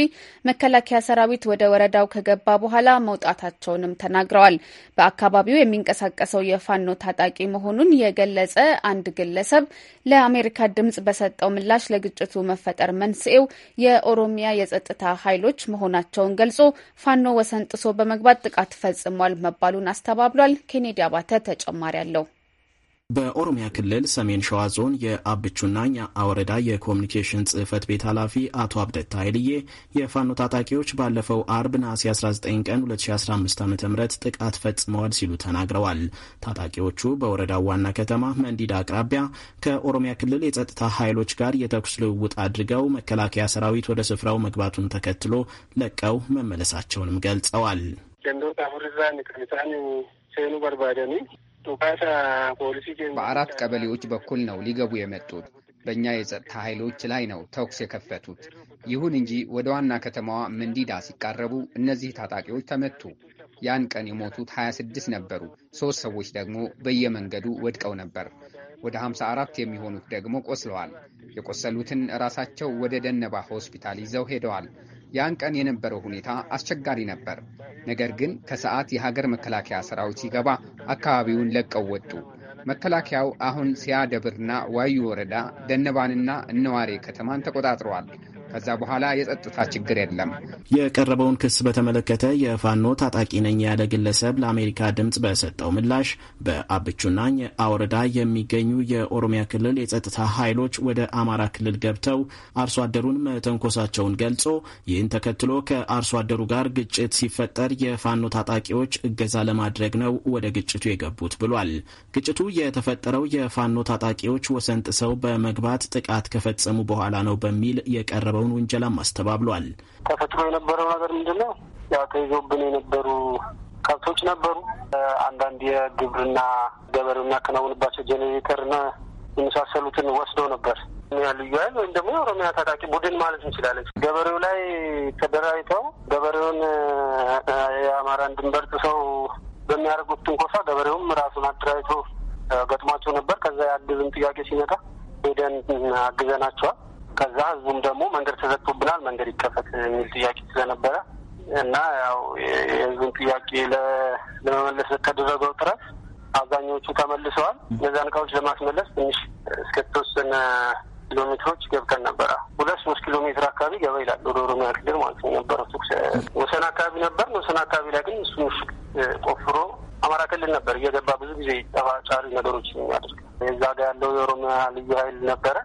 መከላከያ ሰራዊት ወደ ወረዳው ከገባ በኋላ መውጣታቸውንም ተናግረዋል። በአካባቢው የሚንቀሳቀሰው የፋኖ ታጣቂ መሆኑን የገለጸ አንድ ግለሰብ ለአሜሪካ ድምጽ በሰጠው ምላሽ ለግጭቱ መፈጠር መንስኤው የኦሮሚያ የጸጥታ ኃይሎች መሆናቸውን ገልጾ ፋኖ ወሰን ጥሶ በመግባት ጥቃት ፈጽሟል መባሉን አስተባብሏል። ኬኔዲ አባተ ተጨማሪ አለው። በኦሮሚያ ክልል ሰሜን ሸዋ ዞን የአብቹና የአወረዳ ወረዳ የኮሚኒኬሽን ጽህፈት ቤት ኃላፊ አቶ አብደታ ኃይልዬ የፋኖ ታጣቂዎች ባለፈው አርብ ነሐሴ 19 ቀን 2015 ዓ ም ጥቃት ፈጽመዋል ሲሉ ተናግረዋል። ታጣቂዎቹ በወረዳው ዋና ከተማ መንዲዳ አቅራቢያ ከኦሮሚያ ክልል የጸጥታ ኃይሎች ጋር የተኩስ ልውውጥ አድርገው መከላከያ ሰራዊት ወደ ስፍራው መግባቱን ተከትሎ ለቀው መመለሳቸውንም ገልጸዋል። ደንዶጣ ሁርዛን ቀሚሳን ሴኑ በርባደኒ ጡቃሳ ፖሊሲ በአራት ቀበሌዎች በኩል ነው ሊገቡ የመጡት። በእኛ የጸጥታ ኃይሎች ላይ ነው ተኩስ የከፈቱት። ይሁን እንጂ ወደ ዋና ከተማዋ ምንዲዳ ሲቃረቡ እነዚህ ታጣቂዎች ተመቱ። ያን ቀን የሞቱት 26 ነበሩ። ሦስት ሰዎች ደግሞ በየመንገዱ ወድቀው ነበር። ወደ 54 የሚሆኑት ደግሞ ቆስለዋል። የቆሰሉትን ራሳቸው ወደ ደነባ ሆስፒታል ይዘው ሄደዋል። ያን ቀን የነበረው ሁኔታ አስቸጋሪ ነበር። ነገር ግን ከሰዓት የሀገር መከላከያ ሰራዊት ሲገባ አካባቢውን ለቀው ወጡ። መከላከያው አሁን ሲያደብርና ዋዩ ወረዳ ደነባንና እነዋሬ ከተማን ተቆጣጥረዋል። ከዛ በኋላ የጸጥታ ችግር የለም። የቀረበውን ክስ በተመለከተ የፋኖ ታጣቂ ነኝ ያለ ግለሰብ ለአሜሪካ ድምፅ በሰጠው ምላሽ በአብቹና አወረዳ የሚገኙ የኦሮሚያ ክልል የጸጥታ ኃይሎች ወደ አማራ ክልል ገብተው አርሶ አደሩን መተንኮሳቸውን ገልጾ ይህን ተከትሎ ከአርሶ አደሩ ጋር ግጭት ሲፈጠር የፋኖ ታጣቂዎች እገዛ ለማድረግ ነው ወደ ግጭቱ የገቡት ብሏል። ግጭቱ የተፈጠረው የፋኖ ታጣቂዎች ወሰን ጥሰው በመግባት ጥቃት ከፈጸሙ በኋላ ነው በሚል የቀረበው የነበረውን ውንጀላም አስተባብሏል። ተፈጽሞ የነበረው ነገር ምንድን ነው? ያው ተይዞብን የነበሩ ከብቶች ነበሩ። አንዳንድ የግብርና ገበሬው የሚያከናውንባቸው ጄኔሬተርና የመሳሰሉትን ወስደው ነበር። ኦሮሚያ ልዩ ኃይል ወይም ደግሞ የኦሮሚያ ታጣቂ ቡድን ማለት እንችላለች። ገበሬው ላይ ተደራጅተው ገበሬውን የአማራን ድንበር ጥሰው በሚያደርጉት ትንኮሳ ገበሬውም ራሱን አደራጅቶ ገጥሟቸው ነበር። ከዛ የአግዝም ጥያቄ ሲመጣ ሄደን አግዘናቸዋል። ከዛ ህዝቡም ደግሞ መንገድ ተዘግቶብናል መንገድ ይከፈት የሚል ጥያቄ ስለነበረ እና ያው የህዝቡን ጥያቄ ለመመለስ ከተደረገው ጥረት አብዛኛዎቹ ተመልሰዋል። እነዚያን እቃዎች ለማስመለስ ትንሽ እስከተወሰነ ኪሎ ሜትሮች ገብተን ነበረ። ሁለት ሶስት ኪሎ ሜትር አካባቢ ገባ ይላል ወደ ኦሮሚያ ክልል ማለት ነው የነበረው ተኩስ ወሰን አካባቢ ነበር። ወሰን አካባቢ ላይ ግን እሱ ቆፍሮ አማራ ክልል ነበር እየገባ ብዙ ጊዜ ጠፋ ጫሪ ነገሮች የሚያደርግ የዛ ጋ ያለው የኦሮሚያ ልዩ ኃይል ነበረ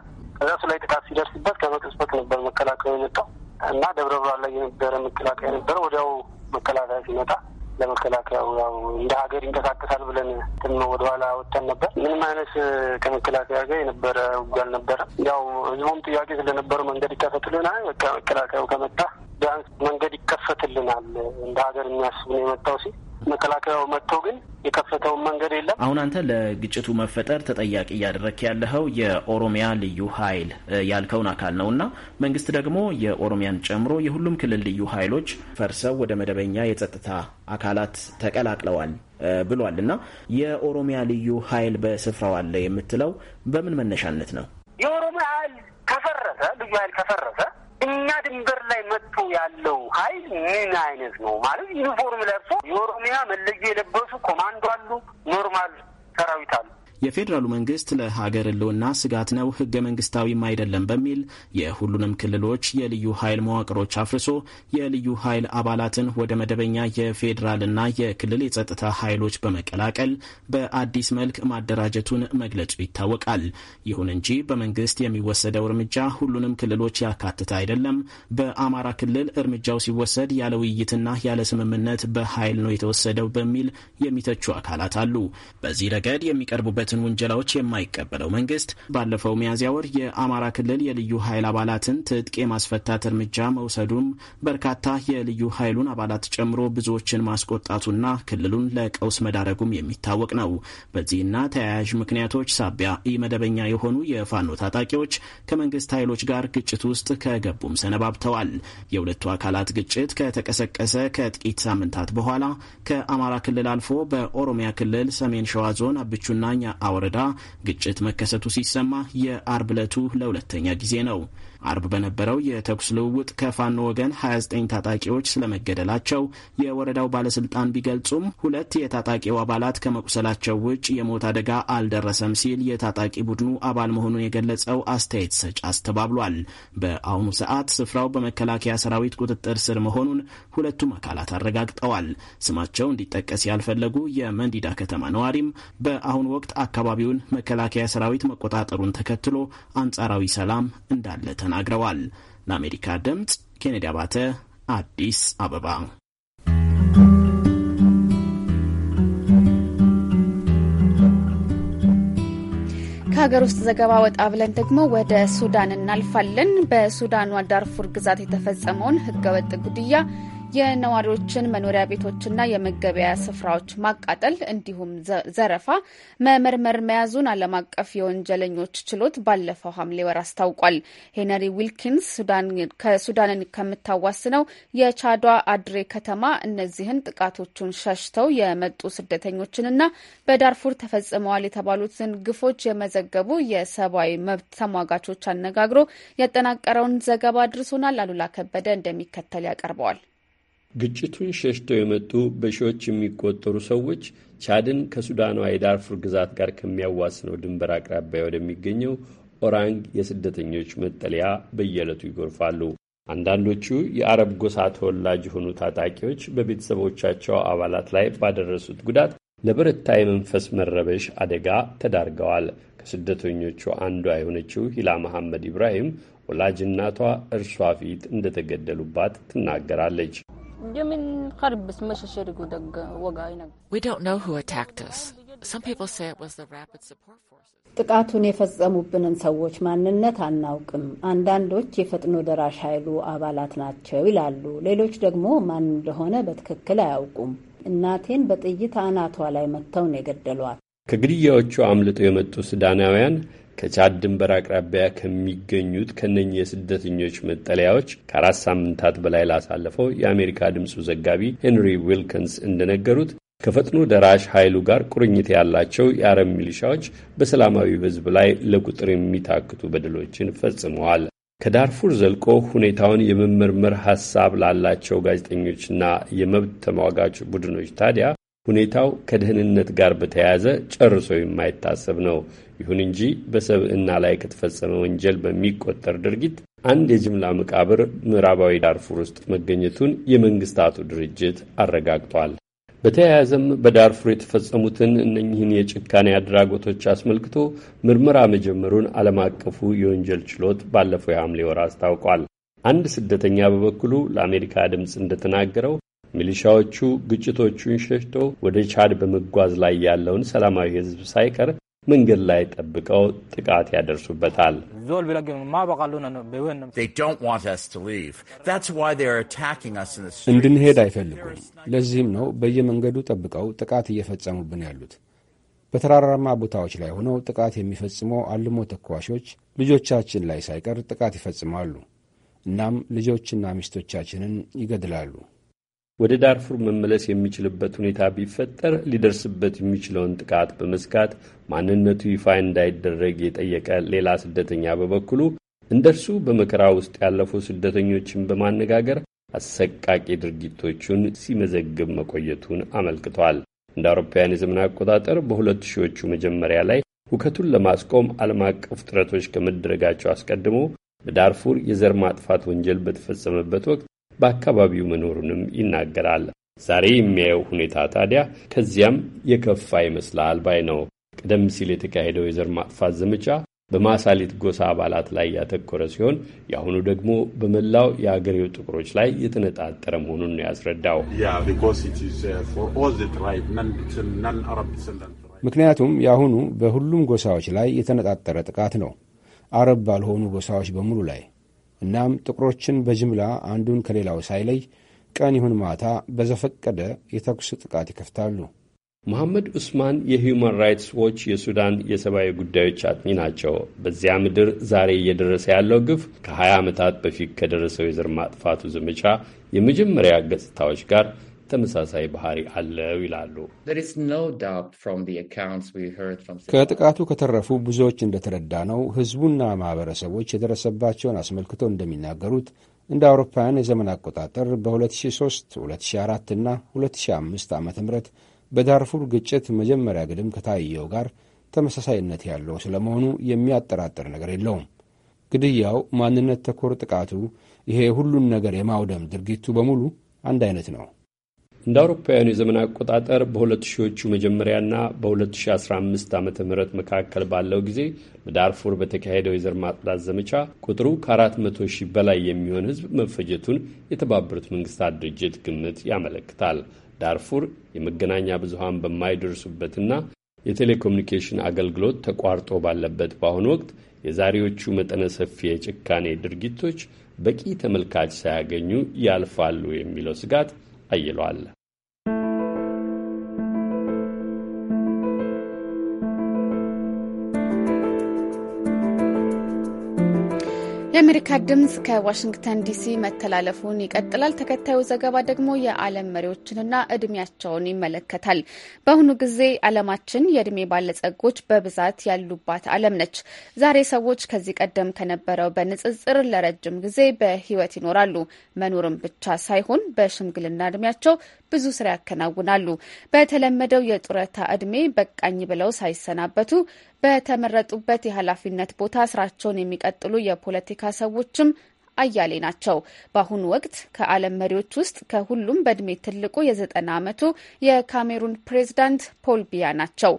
እነሱ ላይ ጥቃት ሲደርስበት ከበቅጽበት ነበር መከላከያ የመጣው እና ደብረ ብርሃን ላይ የነበረ መከላከያ ነበረ። ወዲያው መከላከያ ሲመጣ ለመከላከያው ያው እንደ ሀገር ይንቀሳቀሳል ብለን ትን ወደኋላ ወጥተን ነበር። ምንም አይነት ከመከላከያ ጋር የነበረ ውጊያ አልነበረም። ያው ህዝቡም ጥያቄ ስለነበረው መንገድ ይከፈትልናል፣ በቃ መከላከያው ከመጣ ቢያንስ መንገድ ይከፈትልናል እንደ ሀገር የሚያስብ ነው የመጣው ሲል መከላከያው መጥቶ ግን የከፈተውን መንገድ የለም። አሁን አንተ ለግጭቱ መፈጠር ተጠያቂ እያደረክ ያለኸው የኦሮሚያ ልዩ ኃይል ያልከውን አካል ነው እና መንግስት ደግሞ የኦሮሚያን ጨምሮ የሁሉም ክልል ልዩ ኃይሎች ፈርሰው ወደ መደበኛ የጸጥታ አካላት ተቀላቅለዋል ብሏል እና የኦሮሚያ ልዩ ኃይል በስፍራው አለ የምትለው በምን መነሻነት ነው? የኦሮሚያ ኃይል ከፈረሰ ልዩ ኃይል ከፈረሰ እኛ ድንበር ላይ መጥቶ ያለው ኃይል ምን አይነት ነው ማለት ዩኒፎርም ለብሶ የኦሮሚያ መለዮ የለበሱ ኮማንዶ አሉ፣ ኖርማል ሰራዊት አሉ። የፌዴራሉ መንግስት ለሀገር ህልውና ስጋት ነው፣ ህገ መንግስታዊም አይደለም በሚል የሁሉንም ክልሎች የልዩ ኃይል መዋቅሮች አፍርሶ የልዩ ኃይል አባላትን ወደ መደበኛ የፌዴራልና የክልል የጸጥታ ኃይሎች በመቀላቀል በአዲስ መልክ ማደራጀቱን መግለጹ ይታወቃል። ይሁን እንጂ በመንግስት የሚወሰደው እርምጃ ሁሉንም ክልሎች ያካትተ አይደለም። በአማራ ክልል እርምጃው ሲወሰድ ያለ ውይይትና ያለ ስምምነት በኃይል ነው የተወሰደው በሚል የሚተቹ አካላት አሉ። በዚህ ረገድ የሚቀርቡበት የሚቀርቡለትን ውንጀላዎች የማይቀበለው መንግስት ባለፈው ሚያዝያ ወር የአማራ ክልል የልዩ ኃይል አባላትን ትጥቅ የማስፈታት እርምጃ መውሰዱም በርካታ የልዩ ኃይሉን አባላት ጨምሮ ብዙዎችን ማስቆጣቱና ክልሉን ለቀውስ መዳረጉም የሚታወቅ ነው። በዚህና ተያያዥ ምክንያቶች ሳቢያ ኢመደበኛ የሆኑ የፋኖ ታጣቂዎች ከመንግስት ኃይሎች ጋር ግጭት ውስጥ ከገቡም ሰነባብተዋል። የሁለቱ አካላት ግጭት ከተቀሰቀሰ ከጥቂት ሳምንታት በኋላ ከአማራ ክልል አልፎ በኦሮሚያ ክልል ሰሜን ሸዋ ዞን አብቹና ኛ አወረዳ ግጭት መከሰቱ ሲሰማ የአርብ ዕለቱ ለሁለተኛ ጊዜ ነው። አርብ በነበረው የተኩስ ልውውጥ ከፋኖ ወገን 29 ታጣቂዎች ስለመገደላቸው የወረዳው ባለስልጣን ቢገልጹም ሁለት የታጣቂው አባላት ከመቁሰላቸው ውጭ የሞት አደጋ አልደረሰም ሲል የታጣቂ ቡድኑ አባል መሆኑን የገለጸው አስተያየት ሰጭ አስተባብሏል። በአሁኑ ሰዓት ስፍራው በመከላከያ ሰራዊት ቁጥጥር ስር መሆኑን ሁለቱም አካላት አረጋግጠዋል። ስማቸው እንዲጠቀስ ያልፈለጉ የመንዲዳ ከተማ ነዋሪም በአሁኑ ወቅት አካባቢውን መከላከያ ሰራዊት መቆጣጠሩን ተከትሎ አንጻራዊ ሰላም እንዳለ ተናል። ተናግረዋል። ለአሜሪካ ድምፅ ኬኔዲ አባተ አዲስ አበባ። ከሀገር ውስጥ ዘገባ ወጣ ብለን ደግሞ ወደ ሱዳን እናልፋለን። በሱዳኗ ዳርፉር ግዛት የተፈጸመውን ህገወጥ ጉድያ የነዋሪዎችን መኖሪያ ቤቶችና የመገበያ ስፍራዎች ማቃጠል እንዲሁም ዘረፋ መመርመር መያዙን ዓለም አቀፍ የወንጀለኞች ችሎት ባለፈው ሐምሌ ወር አስታውቋል። ሄነሪ ዊልኪንስ ከሱዳንን ከምታዋስነው የቻዷ አድሬ ከተማ እነዚህን ጥቃቶቹን ሸሽተው የመጡ ስደተኞችንና በዳርፉር ተፈጽመዋል የተባሉትን ግፎች የመዘገቡ የሰብአዊ መብት ተሟጋቾች አነጋግሮ ያጠናቀረውን ዘገባ አድርሶናል። አሉላ ከበደ እንደሚከተል ያቀርበዋል። ግጭቱን ሸሽተው የመጡ በሺዎች የሚቆጠሩ ሰዎች ቻድን ከሱዳኗ የዳርፉር ግዛት ጋር ከሚያዋስነው ድንበር አቅራቢያ ወደሚገኘው ኦራንግ የስደተኞች መጠለያ በየዕለቱ ይጎርፋሉ። አንዳንዶቹ የአረብ ጎሳ ተወላጅ የሆኑ ታጣቂዎች በቤተሰቦቻቸው አባላት ላይ ባደረሱት ጉዳት ለበረታ የመንፈስ መረበሽ አደጋ ተዳርገዋል። ከስደተኞቹ አንዷ የሆነችው ሂላ መሐመድ ኢብራሂም ወላጅ እናቷ እርሷ ፊት እንደተገደሉባት ትናገራለች። ጥቃቱን የፈጸሙብንን ሰዎች ማንነት አናውቅም። አንዳንዶች የፈጥኖ ደራሽ ኃይሉ አባላት ናቸው ይላሉ። ሌሎች ደግሞ ማን እንደሆነ በትክክል አያውቁም። እናቴን በጥይት አናቷ ላይ መጥተው ነው የገደሏት። ከግድያዎቹ አምልጦ የመጡ ሱዳናውያን ከቻድ ድንበር አቅራቢያ ከሚገኙት ከነኚህ የስደተኞች መጠለያዎች ከአራት ሳምንታት በላይ ላሳለፈው የአሜሪካ ድምፁ ዘጋቢ ሄንሪ ዊልኪንስ እንደነገሩት ከፈጥኖ ደራሽ ኃይሉ ጋር ቁርኝት ያላቸው የአረብ ሚሊሻዎች በሰላማዊ ሕዝብ ላይ ለቁጥር የሚታክቱ በደሎችን ፈጽመዋል። ከዳርፉር ዘልቆ ሁኔታውን የመመርመር ሐሳብ ላላቸው ጋዜጠኞችና የመብት ተሟጋች ቡድኖች ታዲያ ሁኔታው ከደህንነት ጋር በተያያዘ ጨርሶ የማይታሰብ ነው። ይሁን እንጂ በሰብዕና ላይ ከተፈጸመ ወንጀል በሚቆጠር ድርጊት አንድ የጅምላ መቃብር ምዕራባዊ ዳርፉር ውስጥ መገኘቱን የመንግስታቱ ድርጅት አረጋግጧል። በተያያዘም በዳርፉር የተፈጸሙትን እነኚህን የጭካኔ አድራጎቶች አስመልክቶ ምርመራ መጀመሩን ዓለም አቀፉ የወንጀል ችሎት ባለፈው የሐምሌ ወር አስታውቋል። አንድ ስደተኛ በበኩሉ ለአሜሪካ ድምፅ እንደተናገረው ሚሊሻዎቹ ግጭቶቹን ሸሽቶ ወደ ቻድ በመጓዝ ላይ ያለውን ሰላማዊ ሕዝብ ሳይቀር መንገድ ላይ ጠብቀው ጥቃት ያደርሱበታል። እንድንሄድ አይፈልጉም። ለዚህም ነው በየመንገዱ ጠብቀው ጥቃት እየፈጸሙብን ያሉት። በተራራማ ቦታዎች ላይ ሆነው ጥቃት የሚፈጽሙ አልሞ ተኳሾች ልጆቻችን ላይ ሳይቀር ጥቃት ይፈጽማሉ። እናም ልጆችና ሚስቶቻችንን ይገድላሉ። ወደ ዳርፉር መመለስ የሚችልበት ሁኔታ ቢፈጠር ሊደርስበት የሚችለውን ጥቃት በመስጋት ማንነቱ ይፋ እንዳይደረግ የጠየቀ ሌላ ስደተኛ በበኩሉ እንደ እርሱ በመከራ ውስጥ ያለፉ ስደተኞችን በማነጋገር አሰቃቂ ድርጊቶቹን ሲመዘግብ መቆየቱን አመልክቷል። እንደ አውሮፓውያን የዘመን አቆጣጠር በሁለት ሺዎቹ መጀመሪያ ላይ ሁከቱን ለማስቆም ዓለም አቀፍ ጥረቶች ከመደረጋቸው አስቀድሞ በዳርፉር የዘር ማጥፋት ወንጀል በተፈጸመበት ወቅት በአካባቢው መኖሩንም ይናገራል። ዛሬ የሚያየው ሁኔታ ታዲያ ከዚያም የከፋ ይመስላል ባይ ነው። ቀደም ሲል የተካሄደው የዘር ማጥፋት ዘመቻ በማሳሊት ጎሳ አባላት ላይ ያተኮረ ሲሆን የአሁኑ ደግሞ በመላው የአገሬው ጥቁሮች ላይ የተነጣጠረ መሆኑን ነው ያስረዳው። uh, ምክንያቱም የአሁኑ በሁሉም ጎሳዎች ላይ የተነጣጠረ ጥቃት ነው፣ አረብ ባልሆኑ ጎሳዎች በሙሉ ላይ እናም ጥቁሮችን በጅምላ አንዱን ከሌላው ሳይለይ ቀን ይሁን ማታ በዘፈቀደ የተኩስ ጥቃት ይከፍታሉ። መሐመድ ዑስማን የሂዩማን ራይትስ ዎች የሱዳን የሰብአዊ ጉዳዮች አጥኚ ናቸው። በዚያ ምድር ዛሬ እየደረሰ ያለው ግፍ ከ20 ዓመታት በፊት ከደረሰው የዘር ማጥፋቱ ዘመቻ የመጀመሪያ ገጽታዎች ጋር ተመሳሳይ ባህሪ አለው ይላሉ። ከጥቃቱ ከተረፉ ብዙዎች እንደተረዳ ነው ህዝቡና ማህበረሰቦች የደረሰባቸውን አስመልክቶ እንደሚናገሩት እንደ አውሮፓውያን የዘመን አቆጣጠር በ2003፣ 2004 እና 2005 ዓ ም በዳርፉር ግጭት መጀመሪያ ግድም ከታየው ጋር ተመሳሳይነት ያለው ስለመሆኑ የሚያጠራጥር ነገር የለውም። ግድያው፣ ማንነት ተኮር ጥቃቱ፣ ይሄ ሁሉን ነገር የማውደም ድርጊቱ በሙሉ አንድ አይነት ነው። እንደ አውሮፓውያኑ የዘመን አቆጣጠር በ2000ዎቹ መጀመሪያና በ2015 ዓ ም መካከል ባለው ጊዜ በዳርፉር በተካሄደው የዘር ማጽዳት ዘመቻ ቁጥሩ ከ400 ሺህ በላይ የሚሆን ህዝብ መፈጀቱን የተባበሩት መንግስታት ድርጅት ግምት ያመለክታል። ዳርፉር የመገናኛ ብዙሃን በማይደርሱበትና የቴሌኮሙኒኬሽን አገልግሎት ተቋርጦ ባለበት በአሁኑ ወቅት የዛሬዎቹ መጠነ ሰፊ የጭካኔ ድርጊቶች በቂ ተመልካች ሳያገኙ ያልፋሉ የሚለው ስጋት አይሏል። የአሜሪካ ድምፅ ከዋሽንግተን ዲሲ መተላለፉን ይቀጥላል። ተከታዩ ዘገባ ደግሞ የዓለም መሪዎችንና እድሜያቸውን ይመለከታል። በአሁኑ ጊዜ ዓለማችን የእድሜ ባለጸጎች በብዛት ያሉባት ዓለም ነች። ዛሬ ሰዎች ከዚህ ቀደም ከነበረው በንጽጽር ለረጅም ጊዜ በህይወት ይኖራሉ። መኖርም ብቻ ሳይሆን በሽምግልና እድሜያቸው ብዙ ስራ ያከናውናሉ። በተለመደው የጡረታ እድሜ በቃኝ ብለው ሳይሰናበቱ በተመረጡበት የኃላፊነት ቦታ ስራቸውን የሚቀጥሉ የፖለቲካ ሰዎችም አያሌ ናቸው። በአሁኑ ወቅት ከዓለም መሪዎች ውስጥ ከሁሉም በእድሜ ትልቁ የዘጠና ዓመቱ የካሜሩን ፕሬዚዳንት ፖል ቢያ ናቸው።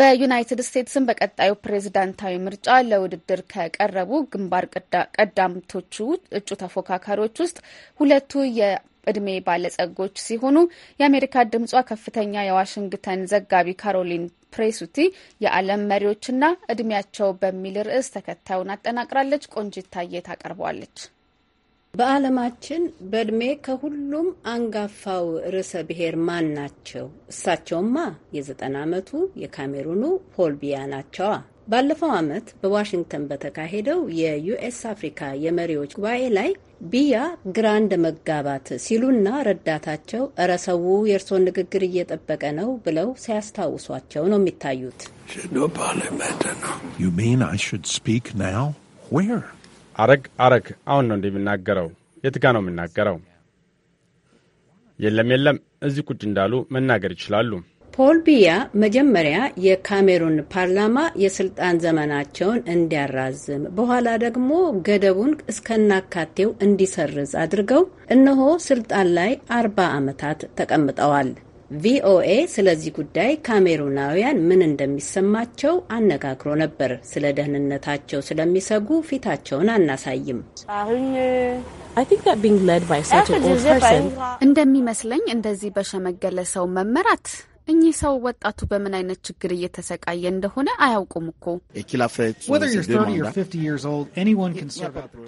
በዩናይትድ ስቴትስም በቀጣዩ ፕሬዝዳንታዊ ምርጫ ለውድድር ከቀረቡ ግንባር ቀዳምቶቹ እጩ ተፎካካሪዎች ውስጥ ሁለቱ የእድሜ ባለጸጎች ሲሆኑ የአሜሪካ ድምጿ ከፍተኛ የዋሽንግተን ዘጋቢ ካሮሊን ፕሬሱቲ የዓለም መሪዎችና እድሜያቸው በሚል ርዕስ ተከታዩን አጠናቅራለች። ቆንጂት ታዬ ታቀርበዋለች። በዓለማችን በእድሜ ከሁሉም አንጋፋው ርዕሰ ብሔር ማን ናቸው? እሳቸውማ የዘጠና ዓመቱ የካሜሩኑ ፖል ቢያ ናቸዋ። ባለፈው ዓመት በዋሽንግተን በተካሄደው የዩኤስ አፍሪካ የመሪዎች ጉባኤ ላይ ቢያ ግራንድ መጋባት ሲሉና ረዳታቸው እረ ሰው የእርሶን ንግግር እየጠበቀ ነው ብለው ሲያስታውሷቸው ነው የሚታዩት። አረግ አረግ አሁን ነው እንደሚናገረው የትጋ የት ጋ ነው የምናገረው? የለም የለም እዚህ ቁጭ እንዳሉ መናገር ይችላሉ። ፖል ቢያ መጀመሪያ የካሜሩን ፓርላማ የስልጣን ዘመናቸውን እንዲያራዝም በኋላ ደግሞ ገደቡን እስከናካቴው እንዲሰርዝ አድርገው እነሆ ስልጣን ላይ አርባ ዓመታት ተቀምጠዋል። ቪኦኤ ስለዚህ ጉዳይ ካሜሩናውያን ምን እንደሚሰማቸው አነጋግሮ ነበር። ስለ ደህንነታቸው ስለሚሰጉ ፊታቸውን አናሳይም። እንደሚመስለኝ እንደዚህ በሸመገለ ሰው መመራት እኚህ ሰው ወጣቱ በምን አይነት ችግር እየተሰቃየ እንደሆነ አያውቁም እኮ።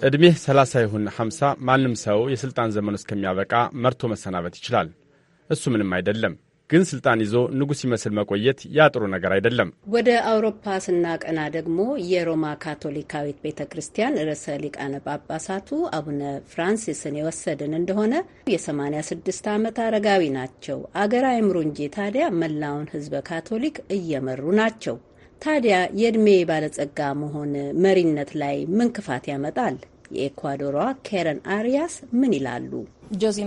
እድሜህ 30 ይሁን 50 ማንም ሰው የሥልጣን ዘመኑ እስከሚያበቃ መርቶ መሰናበት ይችላል። እሱ ምንም አይደለም። ግን ስልጣን ይዞ ንጉሥ ይመስል መቆየት ያጥሩ ነገር አይደለም። ወደ አውሮፓ ስናቀና ደግሞ የሮማ ካቶሊካዊት ቤተ ክርስቲያን ርዕሰ ሊቃነ ጳጳሳቱ አቡነ ፍራንሲስን የወሰድን እንደሆነ የ86 ዓመት አረጋዊ ናቸው። አገር አይምሩ እንጂ ታዲያ መላውን ህዝበ ካቶሊክ እየመሩ ናቸው። ታዲያ የዕድሜ ባለጸጋ መሆን መሪነት ላይ ምን ክፋት ያመጣል? የኤኳዶሯ ኬረን አሪያስ ምን ይላሉ? Eh,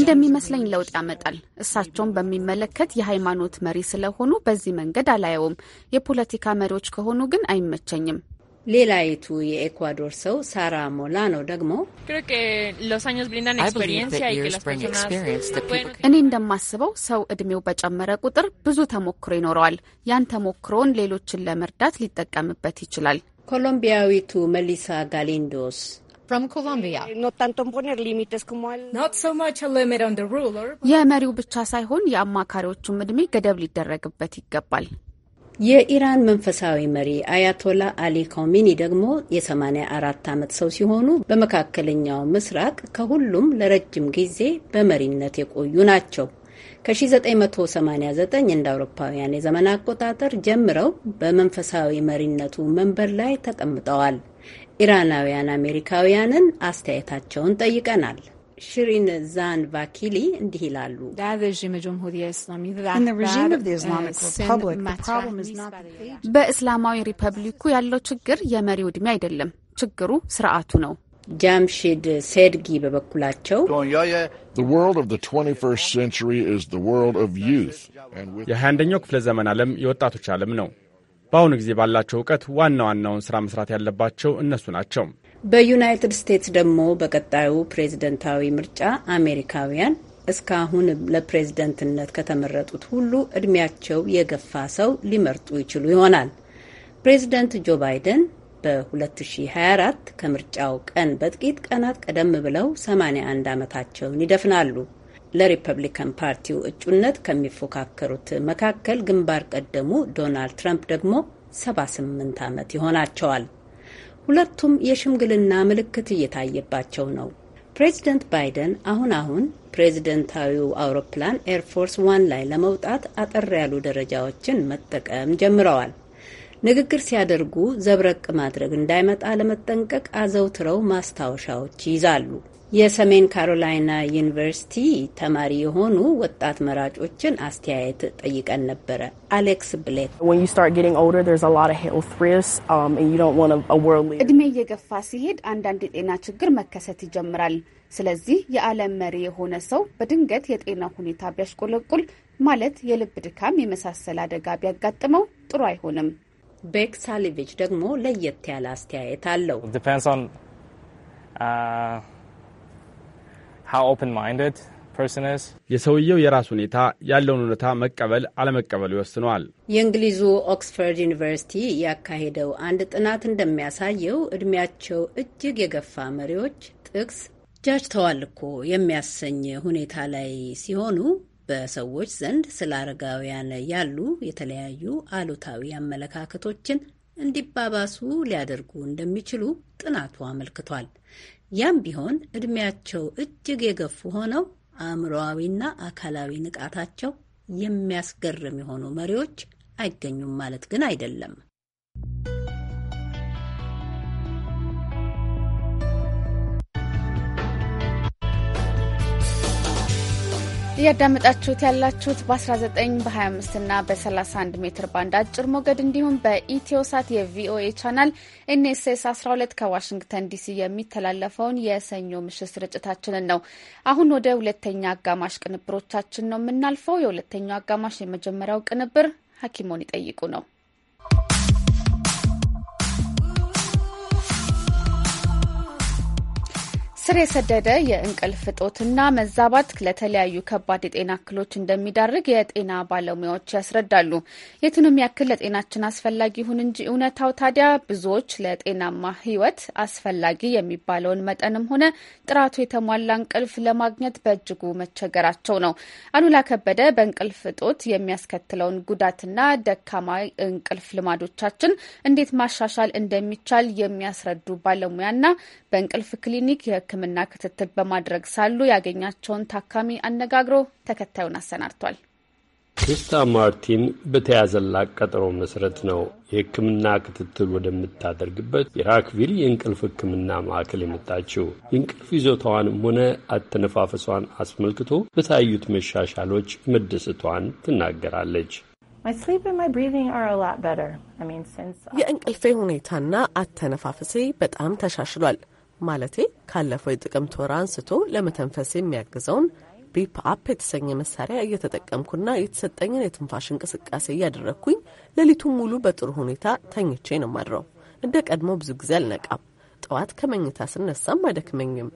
እንደሚመስለኝ ለውጥ ያመጣል። እሳቸውን በሚመለከት የሃይማኖት መሪ ስለሆኑ በዚህ መንገድ አላየውም። የፖለቲካ መሪዎች ከሆኑ ግን አይመቸኝም። ሌላይቱ የኤኳዶር ሰው ሳራ ሞላኖ ደግሞ እኔ እንደማስበው ሰው እድሜው በጨመረ ቁጥር ብዙ ተሞክሮ ይኖረዋል። ያን ተሞክሮውን ሌሎችን ለመርዳት ሊጠቀምበት ይችላል። ኮሎምቢያዊቱ መሊሳ ጋሊንዶስ የመሪው ብቻ ሳይሆን የአማካሪዎቹም እድሜ ገደብ ሊደረግበት ይገባል። የኢራን መንፈሳዊ መሪ አያቶላ አሊ ኮሚኒ ደግሞ የ84 ዓመት ሰው ሲሆኑ በመካከለኛው ምስራቅ ከሁሉም ለረጅም ጊዜ በመሪነት የቆዩ ናቸው። ከ1989 እንደ አውሮፓውያን የዘመን አቆጣጠር ጀምረው በመንፈሳዊ መሪነቱ መንበር ላይ ተቀምጠዋል። ኢራናውያን አሜሪካውያንን አስተያየታቸውን ጠይቀናል። ሽሪን ዛን ቫኪሊ እንዲህ ይላሉ። uh, በእስላማዊ ሪፐብሊኩ ያለው ችግር የመሪው ውድሜ አይደለም፣ ችግሩ ስርዓቱ ነው። ጃምሺድ ሴድጊ በበኩላቸው የ21ኛው ክፍለ ዘመን ዓለም የወጣቶች ዓለም ነው። በአሁኑ ጊዜ ባላቸው እውቀት ዋና ዋናውን ሥራ መስራት ያለባቸው እነሱ ናቸው። በዩናይትድ ስቴትስ ደግሞ በቀጣዩ ፕሬዝደንታዊ ምርጫ አሜሪካውያን እስካሁን ለፕሬዝደንትነት ከተመረጡት ሁሉ ዕድሜያቸው የገፋ ሰው ሊመርጡ ይችሉ ይሆናል። ፕሬዝደንት ጆ ባይደን በ2024 ከምርጫው ቀን በጥቂት ቀናት ቀደም ብለው 81 ዓመታቸውን ይደፍናሉ። ለሪፐብሊካን ፓርቲው እጩነት ከሚፎካከሩት መካከል ግንባር ቀደሙ ዶናልድ ትራምፕ ደግሞ 78 ዓመት ይሆናቸዋል። ሁለቱም የሽምግልና ምልክት እየታየባቸው ነው። ፕሬዚደንት ባይደን አሁን አሁን ፕሬዚደንታዊው አውሮፕላን ኤርፎርስ ዋን ላይ ለመውጣት አጠር ያሉ ደረጃዎችን መጠቀም ጀምረዋል። ንግግር ሲያደርጉ ዘብረቅ ማድረግ እንዳይመጣ ለመጠንቀቅ አዘውትረው ማስታወሻዎች ይይዛሉ። የሰሜን ካሮላይና ዩኒቨርሲቲ ተማሪ የሆኑ ወጣት መራጮችን አስተያየት ጠይቀን ነበረ። አሌክስ ብሌክ um, እድሜ እየገፋ ሲሄድ አንዳንድ የጤና ችግር መከሰት ይጀምራል። ስለዚህ የዓለም መሪ የሆነ ሰው በድንገት የጤና ሁኔታ ቢያሽቆለቁል ማለት የልብ ድካም የመሳሰል አደጋ ቢያጋጥመው ጥሩ አይሆንም። ቤክ ሳሊቪች ደግሞ ለየት ያለ አስተያየት አለው። uh, የሰውየው የራሱ ሁኔታ ያለውን እውነታ መቀበል አለመቀበሉ ይወስነዋል። የእንግሊዙ ኦክስፎርድ ዩኒቨርሲቲ ያካሄደው አንድ ጥናት እንደሚያሳየው እድሜያቸው እጅግ የገፋ መሪዎች ጥቅስ ጃጅተዋል እኮ የሚያሰኝ ሁኔታ ላይ ሲሆኑ በሰዎች ዘንድ ስለ አረጋውያን ያሉ የተለያዩ አሉታዊ አመለካከቶችን እንዲባባሱ ሊያደርጉ እንደሚችሉ ጥናቱ አመልክቷል። ያም ቢሆን እድሜያቸው እጅግ የገፉ ሆነው አእምሮዊና አካላዊ ንቃታቸው የሚያስገርም የሆኑ መሪዎች አይገኙም ማለት ግን አይደለም። እያዳመጣችሁት ያላችሁት በ19 በ25 እና በ31 ሜትር ባንድ አጭር ሞገድ እንዲሁም በኢትዮሳት የቪኦኤ ቻናል ኤንኤስኤስ 12 ከዋሽንግተን ዲሲ የሚተላለፈውን የሰኞ ምሽት ስርጭታችንን ነው። አሁን ወደ ሁለተኛ አጋማሽ ቅንብሮቻችን ነው የምናልፈው። የሁለተኛው አጋማሽ የመጀመሪያው ቅንብር ሐኪሞን ይጠይቁ ነው። ስር የሰደደ የእንቅልፍ እጦትና መዛባት ለተለያዩ ከባድ የጤና እክሎች እንደሚዳርግ የጤና ባለሙያዎች ያስረዳሉ። የቱንም ያክል ለጤናችን አስፈላጊ ይሁን እንጂ እውነታው ታዲያ ብዙዎች ለጤናማ ሕይወት አስፈላጊ የሚባለውን መጠንም ሆነ ጥራቱ የተሟላ እንቅልፍ ለማግኘት በእጅጉ መቸገራቸው ነው። አሉላ ከበደ በእንቅልፍ እጦት የሚያስከትለውን ጉዳትና ደካማ እንቅልፍ ልማዶቻችን እንዴት ማሻሻል እንደሚቻል የሚያስረዱ ባለሙያና በእንቅልፍ ክሊኒክ የሕክምና ክትትል በማድረግ ሳሉ ያገኛቸውን ታካሚ አነጋግሮ ተከታዩን አሰናድቷል። ክሪስታ ማርቲን በተያዘላት ቀጠሮ መሰረት ነው የሕክምና ክትትል ወደምታደርግበት የራክቪል የእንቅልፍ ሕክምና ማዕከል የመጣችው። የእንቅልፍ ይዞታዋንም ሆነ አተነፋፈሷን አስመልክቶ በታዩት መሻሻሎች መደሰቷን ትናገራለች። የእንቅልፌ ሁኔታና አተነፋፈሴ በጣም ተሻሽሏል። ማለቴ ካለፈው የጥቅምት ወር አንስቶ ለመተንፈስ የሚያግዘውን ቢፕ አፕ የተሰኘ መሳሪያ እየተጠቀምኩና የተሰጠኝን የትንፋሽ እንቅስቃሴ እያደረግኩኝ ሌሊቱን ሙሉ በጥሩ ሁኔታ ተኝቼ ነው ማድረው። እንደ ቀድሞ ብዙ ጊዜ አልነቃም። ጠዋት ከመኝታ ስነሳም አይደክመኝም።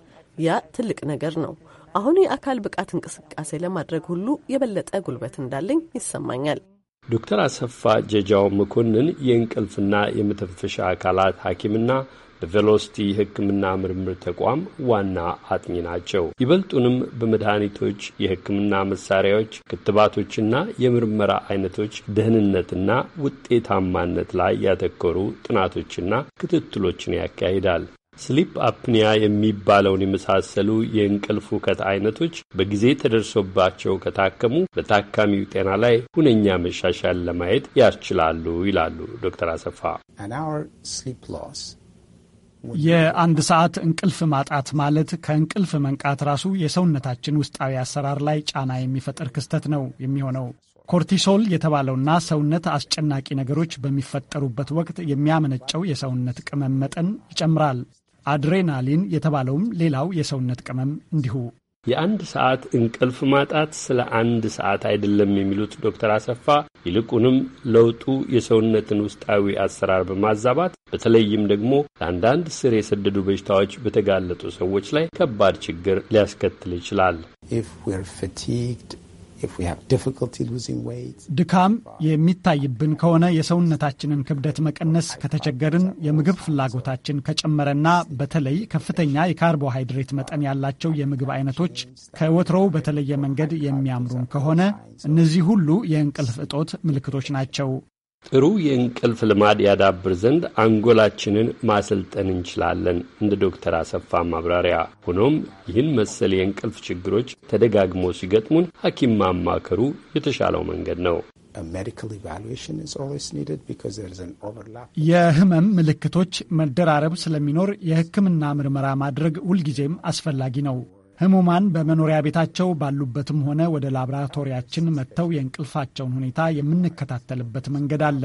ያ ትልቅ ነገር ነው። አሁን የአካል ብቃት እንቅስቃሴ ለማድረግ ሁሉ የበለጠ ጉልበት እንዳለኝ ይሰማኛል። ዶክተር አሰፋ ጀጃው መኮንን የእንቅልፍና የመተንፈሻ አካላት ሐኪምና በቬሎሲቲ ሕክምና ምርምር ተቋም ዋና አጥኚ ናቸው። ይበልጡንም በመድኃኒቶች፣ የሕክምና መሳሪያዎች፣ ክትባቶችና የምርመራ አይነቶች ደህንነትና ውጤታማነት ላይ ያተኮሩ ጥናቶችና ክትትሎችን ያካሂዳል። ስሊፕ አፕኒያ የሚባለውን የመሳሰሉ የእንቅልፍ ውከት አይነቶች በጊዜ ተደርሶባቸው ከታከሙ በታካሚው ጤና ላይ ሁነኛ መሻሻል ለማየት ያስችላሉ ይላሉ ዶክተር አሰፋ። የአንድ ሰዓት እንቅልፍ ማጣት ማለት ከእንቅልፍ መንቃት ራሱ የሰውነታችን ውስጣዊ አሰራር ላይ ጫና የሚፈጥር ክስተት ነው የሚሆነው። ኮርቲሶል የተባለውና ሰውነት አስጨናቂ ነገሮች በሚፈጠሩበት ወቅት የሚያመነጨው የሰውነት ቅመም መጠን ይጨምራል። አድሬናሊን የተባለውም ሌላው የሰውነት ቅመም እንዲሁ የአንድ ሰዓት እንቅልፍ ማጣት ስለ አንድ ሰዓት አይደለም የሚሉት ዶክተር አሰፋ ይልቁንም ለውጡ የሰውነትን ውስጣዊ አሰራር በማዛባት በተለይም ደግሞ ለአንዳንድ ስር የሰደዱ በሽታዎች በተጋለጡ ሰዎች ላይ ከባድ ችግር ሊያስከትል ይችላል። ድካም የሚታይብን ከሆነ የሰውነታችንን ክብደት መቀነስ ከተቸገርን፣ የምግብ ፍላጎታችን ከጨመረና በተለይ ከፍተኛ የካርቦሃይድሬት መጠን ያላቸው የምግብ አይነቶች ከወትሮው በተለየ መንገድ የሚያምሩን ከሆነ እነዚህ ሁሉ የእንቅልፍ እጦት ምልክቶች ናቸው። ጥሩ የእንቅልፍ ልማድ ያዳብር ዘንድ አንጎላችንን ማሰልጠን እንችላለን፣ እንደ ዶክተር አሰፋ ማብራሪያ። ሆኖም ይህን መሰል የእንቅልፍ ችግሮች ተደጋግሞ ሲገጥሙን ሐኪም ማማከሩ የተሻለው መንገድ ነው። የህመም ምልክቶች መደራረብ ስለሚኖር የህክምና ምርመራ ማድረግ ሁልጊዜም አስፈላጊ ነው። ህሙማን በመኖሪያ ቤታቸው ባሉበትም ሆነ ወደ ላብራቶሪያችን መጥተው የእንቅልፋቸውን ሁኔታ የምንከታተልበት መንገድ አለ።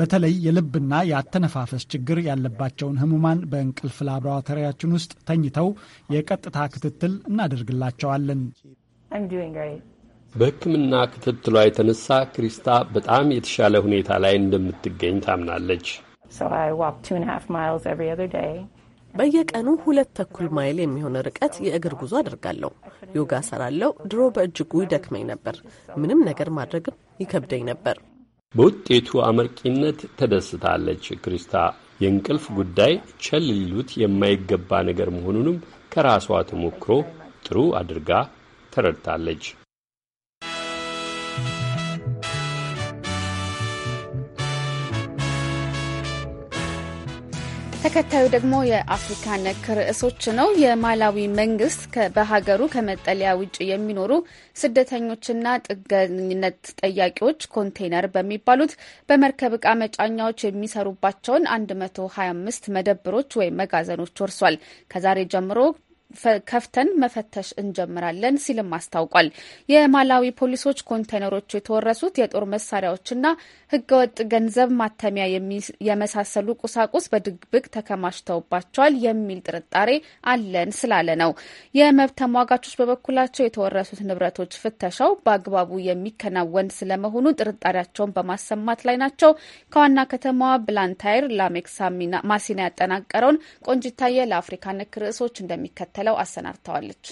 በተለይ የልብና የአተነፋፈስ ችግር ያለባቸውን ህሙማን በእንቅልፍ ላብራቶሪያችን ውስጥ ተኝተው የቀጥታ ክትትል እናደርግላቸዋለን። በሕክምና ክትትሏ የተነሳ ክሪስታ በጣም የተሻለ ሁኔታ ላይ እንደምትገኝ ታምናለች። በየቀኑ ሁለት ተኩል ማይል የሚሆን ርቀት የእግር ጉዞ አድርጋለሁ። ዮጋ ሰራለው። ድሮ በእጅጉ ይደክመኝ ነበር። ምንም ነገር ማድረግም ይከብደኝ ነበር። በውጤቱ አመርቂነት ተደስታለች ክሪስታ። የእንቅልፍ ጉዳይ ቸል ሊሉት የማይገባ ነገር መሆኑንም ከራሷ ተሞክሮ ጥሩ አድርጋ ተረድታለች። ተከታዩ ደግሞ የአፍሪካ ነክ ርዕሶች ነው። የማላዊ መንግስት በሀገሩ ከመጠለያ ውጭ የሚኖሩ ስደተኞችና ጥገኝነት ጠያቂዎች ኮንቴነር በሚባሉት በመርከብ እቃ መጫኛዎች የሚሰሩባቸውን 125 መደብሮች ወይም መጋዘኖች ወርሷል። ከዛሬ ጀምሮ ከፍተን መፈተሽ እንጀምራለን ሲልም አስታውቋል። የማላዊ ፖሊሶች ኮንቴነሮቹ የተወረሱት የጦር መሳሪያዎችና ሕገወጥ ገንዘብ ማተሚያ የመሳሰሉ ቁሳቁስ በድብቅ ተከማችተውባቸዋል የሚል ጥርጣሬ አለን ስላለ ነው። የመብት ተሟጋቾች በበኩላቸው የተወረሱት ንብረቶች ፍተሻው በአግባቡ የሚከናወን ስለመሆኑ ጥርጣሬያቸውን በማሰማት ላይ ናቸው። ከዋና ከተማዋ ብላንታይር ላሜክሳ ማሲና ያጠናቀረውን ቆንጅታየ ለአፍሪካ ነክ ርዕሶች እንደሚከተል እንደሚከተለው አሰናድተዋለች።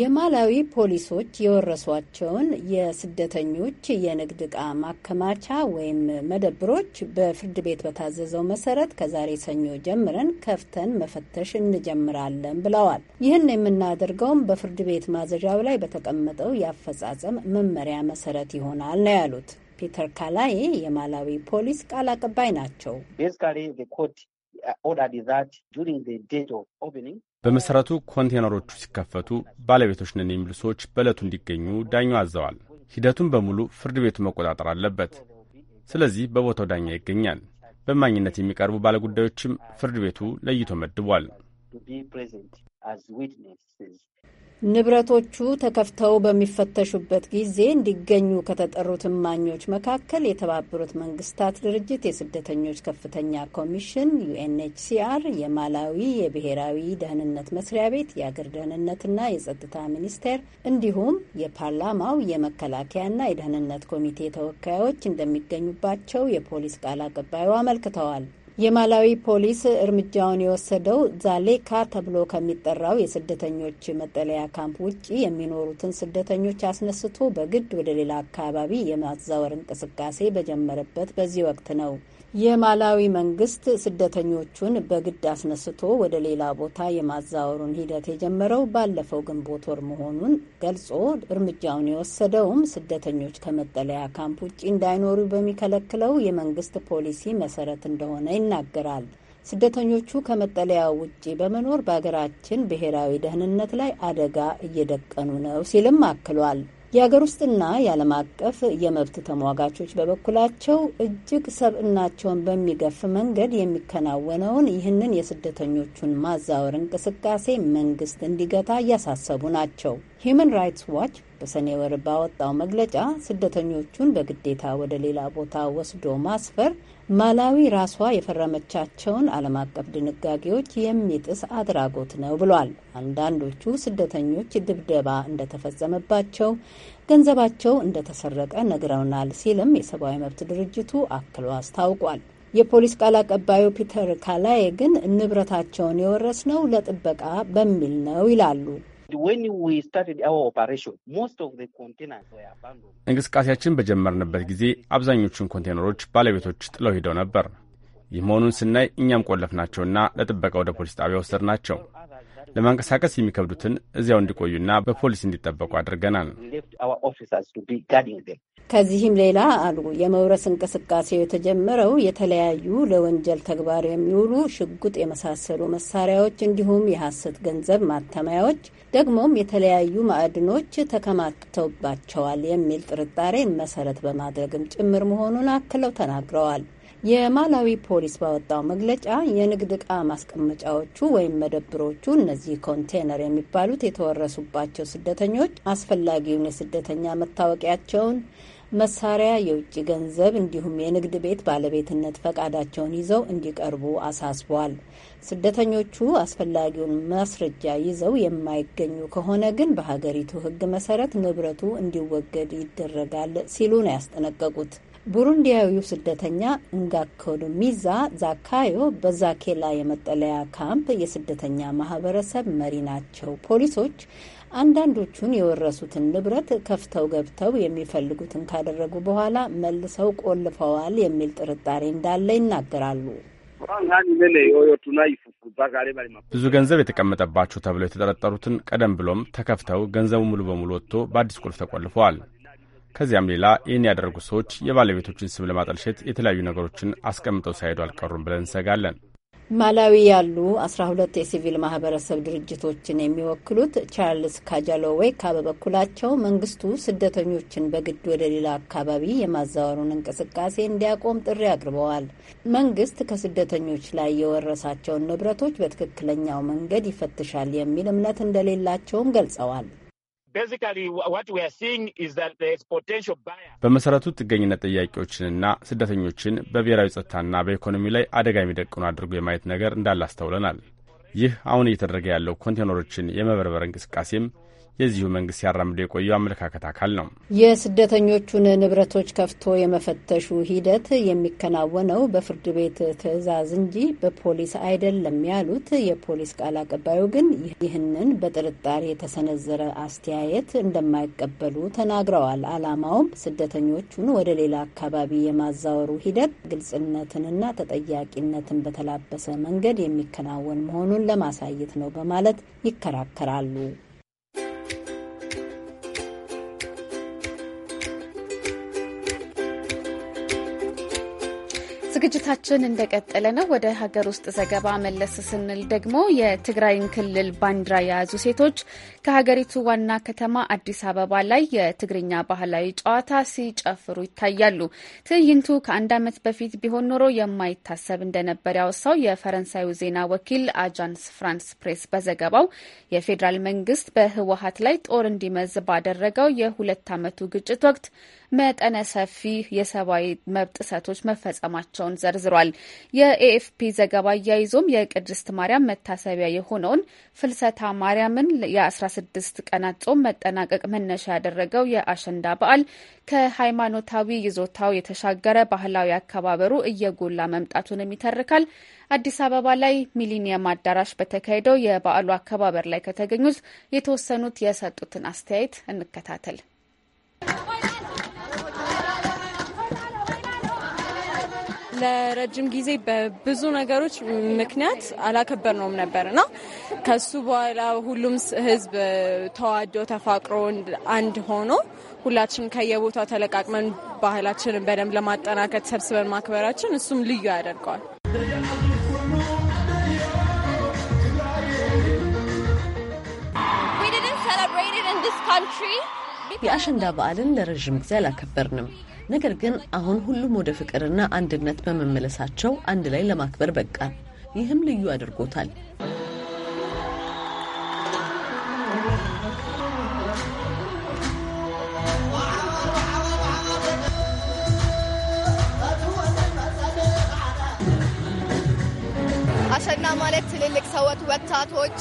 የማላዊ ፖሊሶች የወረሷቸውን የስደተኞች የንግድ ዕቃ ማከማቻ ወይም መደብሮች በፍርድ ቤት በታዘዘው መሰረት ከዛሬ ሰኞ ጀምረን ከፍተን መፈተሽ እንጀምራለን ብለዋል። ይህን የምናደርገውም በፍርድ ቤት ማዘዣው ላይ በተቀመጠው የአፈጻጸም መመሪያ መሰረት ይሆናል ነው ያሉት። ፒተር ካላዬ የማላዊ ፖሊስ ቃል አቀባይ ናቸው። በመሠረቱ ኮንቴነሮቹ ሲከፈቱ ባለቤቶች ነን የሚሉ ሰዎች በዕለቱ እንዲገኙ ዳኛው አዘዋል። ሂደቱን በሙሉ ፍርድ ቤቱ መቆጣጠር አለበት። ስለዚህ በቦታው ዳኛ ይገኛል። በማኝነት የሚቀርቡ ባለጉዳዮችም ፍርድ ቤቱ ለይቶ መድቧል። ንብረቶቹ ተከፍተው በሚፈተሹበት ጊዜ እንዲገኙ ከተጠሩት እማኞች መካከል የተባበሩት መንግስታት ድርጅት የስደተኞች ከፍተኛ ኮሚሽን ዩኤንኤችሲአር፣ የማላዊ የብሔራዊ ደህንነት መስሪያ ቤት፣ የአገር ደህንነትና የጸጥታ ሚኒስቴር እንዲሁም የፓርላማው የመከላከያና የደህንነት ኮሚቴ ተወካዮች እንደሚገኙባቸው የፖሊስ ቃል አቀባዩ አመልክተዋል። የማላዊ ፖሊስ እርምጃውን የወሰደው ዛሌካ ተብሎ ከሚጠራው የስደተኞች መጠለያ ካምፕ ውጭ የሚኖሩትን ስደተኞች አስነስቶ በግድ ወደ ሌላ አካባቢ የማዛወር እንቅስቃሴ በጀመረበት በዚህ ወቅት ነው። የማላዊ መንግስት ስደተኞቹን በግድ አስነስቶ ወደ ሌላ ቦታ የማዛወሩን ሂደት የጀመረው ባለፈው ግንቦት ወር መሆኑን ገልጾ እርምጃውን የወሰደውም ስደተኞች ከመጠለያ ካምፕ ውጭ እንዳይኖሩ በሚከለክለው የመንግስት ፖሊሲ መሰረት እንደሆነ ይናገራል። ስደተኞቹ ከመጠለያው ውጪ በመኖር በሀገራችን ብሔራዊ ደህንነት ላይ አደጋ እየደቀኑ ነው ሲልም አክሏል። የአገር ውስጥና የዓለም አቀፍ የመብት ተሟጋቾች በበኩላቸው እጅግ ሰብዕናቸውን በሚገፍ መንገድ የሚከናወነውን ይህንን የስደተኞቹን ማዛወር እንቅስቃሴ መንግስት እንዲገታ እያሳሰቡ ናቸው። ሂዩማን ራይትስ ዋች በሰኔ ወር ባወጣው መግለጫ ስደተኞቹን በግዴታ ወደ ሌላ ቦታ ወስዶ ማስፈር ማላዊ ራሷ የፈረመቻቸውን ዓለም አቀፍ ድንጋጌዎች የሚጥስ አድራጎት ነው ብሏል። አንዳንዶቹ ስደተኞች ድብደባ እንደተፈጸመባቸው፣ ገንዘባቸው እንደተሰረቀ ነግረውናል ሲልም የሰብአዊ መብት ድርጅቱ አክሎ አስታውቋል። የፖሊስ ቃል አቀባዩ ፒተር ካላዬ ግን ንብረታቸውን የወረስነው ለጥበቃ በሚል ነው ይላሉ። እንቅስቃሴያችን በጀመርንበት ጊዜ አብዛኞቹን ኮንቴነሮች ባለቤቶች ጥለው ሂደው ነበር። ይህ መሆኑን ስናይ እኛም ቆለፍናቸውና ለጥበቃ ወደ ፖሊስ ጣቢያ ወሰድናቸው። ለማንቀሳቀስ የሚከብዱትን እዚያው እንዲቆዩና በፖሊስ እንዲጠበቁ አድርገናል። ከዚህም ሌላ አሉ የመውረስ እንቅስቃሴው የተጀመረው የተለያዩ ለወንጀል ተግባር የሚውሉ ሽጉጥ የመሳሰሉ መሳሪያዎች እንዲሁም የሐሰት ገንዘብ ማተሚያዎች ደግሞም የተለያዩ ማዕድኖች ተከማክተውባቸዋል የሚል ጥርጣሬን መሰረት በማድረግም ጭምር መሆኑን አክለው ተናግረዋል። የማላዊ ፖሊስ ባወጣው መግለጫ የንግድ ዕቃ ማስቀመጫዎቹ ወይም መደብሮቹ እነዚህ ኮንቴነር የሚባሉት የተወረሱባቸው ስደተኞች አስፈላጊውን የስደተኛ መታወቂያቸውን፣ መሳሪያ፣ የውጭ ገንዘብ እንዲሁም የንግድ ቤት ባለቤትነት ፈቃዳቸውን ይዘው እንዲቀርቡ አሳስቧል። ስደተኞቹ አስፈላጊውን ማስረጃ ይዘው የማይገኙ ከሆነ ግን በሀገሪቱ ሕግ መሰረት ንብረቱ እንዲወገድ ይደረጋል ሲሉ ነው ያስጠነቀቁት። ቡሩንዲያዊው ስደተኛ እንጋኮዶ ሚዛ ዛካዮ በዛኬላ የመጠለያ ካምፕ የስደተኛ ማህበረሰብ መሪ ናቸው። ፖሊሶች አንዳንዶቹን የወረሱትን ንብረት ከፍተው ገብተው የሚፈልጉትን ካደረጉ በኋላ መልሰው ቆልፈዋል የሚል ጥርጣሬ እንዳለ ይናገራሉ። ብዙ ገንዘብ የተቀመጠባቸው ተብለው የተጠረጠሩትን ቀደም ብሎም ተከፍተው ገንዘቡ ሙሉ በሙሉ ወጥቶ በአዲስ ቁልፍ ተቆልፈዋል። ከዚያም ሌላ ይህን ያደረጉ ሰዎች የባለቤቶችን ስም ለማጠልሸት የተለያዩ ነገሮችን አስቀምጠው ሳይሄዱ አልቀሩም ብለን እንሰጋለን። ማላዊ ያሉ 12 የሲቪል ማህበረሰብ ድርጅቶችን የሚወክሉት ቻርልስ ካጃሎዌካ በበኩላቸው መንግስቱ ስደተኞችን በግድ ወደ ሌላ አካባቢ የማዛወሩን እንቅስቃሴ እንዲያቆም ጥሪ አቅርበዋል። መንግስት ከስደተኞች ላይ የወረሳቸውን ንብረቶች በትክክለኛው መንገድ ይፈትሻል የሚል እምነት እንደሌላቸውም ገልጸዋል። በመሰረቱ ጥገኝነት ጥያቄዎችንና ስደተኞችን በብሔራዊ ጸጥታና በኢኮኖሚ ላይ አደጋ የሚደቅኑ አድርጎ የማየት ነገር እንዳለ አስተውለናል። ይህ አሁን እየተደረገ ያለው ኮንቴነሮችን የመበርበር እንቅስቃሴም የዚሁ መንግስት ሲያራምደው የቆዩ አመለካከት አካል ነው። የስደተኞቹን ንብረቶች ከፍቶ የመፈተሹ ሂደት የሚከናወነው በፍርድ ቤት ትዕዛዝ እንጂ በፖሊስ አይደለም ያሉት የፖሊስ ቃል አቀባዩ ግን ይህንን በጥርጣሬ የተሰነዘረ አስተያየት እንደማይቀበሉ ተናግረዋል። አላማውም ስደተኞቹን ወደ ሌላ አካባቢ የማዛወሩ ሂደት ግልጽነትንና ተጠያቂነትን በተላበሰ መንገድ የሚከናወን መሆኑን ለማሳየት ነው በማለት ይከራከራሉ። ዝግጅታችን እንደቀጠለ ነው። ወደ ሀገር ውስጥ ዘገባ መለስ ስንል ደግሞ የትግራይን ክልል ባንዲራ የያዙ ሴቶች ከሀገሪቱ ዋና ከተማ አዲስ አበባ ላይ የትግርኛ ባህላዊ ጨዋታ ሲጨፍሩ ይታያሉ። ትዕይንቱ ከአንድ ዓመት በፊት ቢሆን ኖሮ የማይታሰብ እንደነበር ያወሳው የፈረንሳዩ ዜና ወኪል አጃንስ ፍራንስ ፕሬስ በዘገባው የፌዴራል መንግስት በህወሀት ላይ ጦር እንዲመዝ ባደረገው የሁለት ዓመቱ ግጭት ወቅት መጠነ ሰፊ የሰብአዊ መብት ጥሰቶች መፈጸማቸውን ዘርዝሯል። የኤኤፍፒ ዘገባ አያይዞም የቅድስት ማርያም መታሰቢያ የሆነውን ፍልሰታ ማርያምን የ16 ቀናት ጾም መጠናቀቅ መነሻ ያደረገው የአሸንዳ በዓል ከሃይማኖታዊ ይዞታው የተሻገረ ባህላዊ አከባበሩ እየጎላ መምጣቱንም ይተርካል። አዲስ አበባ ላይ ሚሊኒየም አዳራሽ በተካሄደው የበዓሉ አከባበር ላይ ከተገኙት የተወሰኑት የሰጡትን አስተያየት እንከታተል። ለረጅም ጊዜ በብዙ ነገሮች ምክንያት አላከበርነውም ነበር እና ከሱ በኋላ ሁሉም ህዝብ ተዋዶ ተፋቅሮ አንድ ሆኖ ሁላችንም ከየቦታው ተለቃቅመን ባህላችንን በደንብ ለማጠናከት ሰብስበን ማክበራችን እሱም ልዩ ያደርገዋል። የአሸንዳ በዓልን ለረዥም ጊዜ አላከበርንም። ነገር ግን አሁን ሁሉም ወደ ፍቅርና አንድነት በመመለሳቸው አንድ ላይ ለማክበር በቃ ይህም ልዩ አድርጎታል። አሸና ማለት ትልልቅ ሰዎች፣ ወጣቶች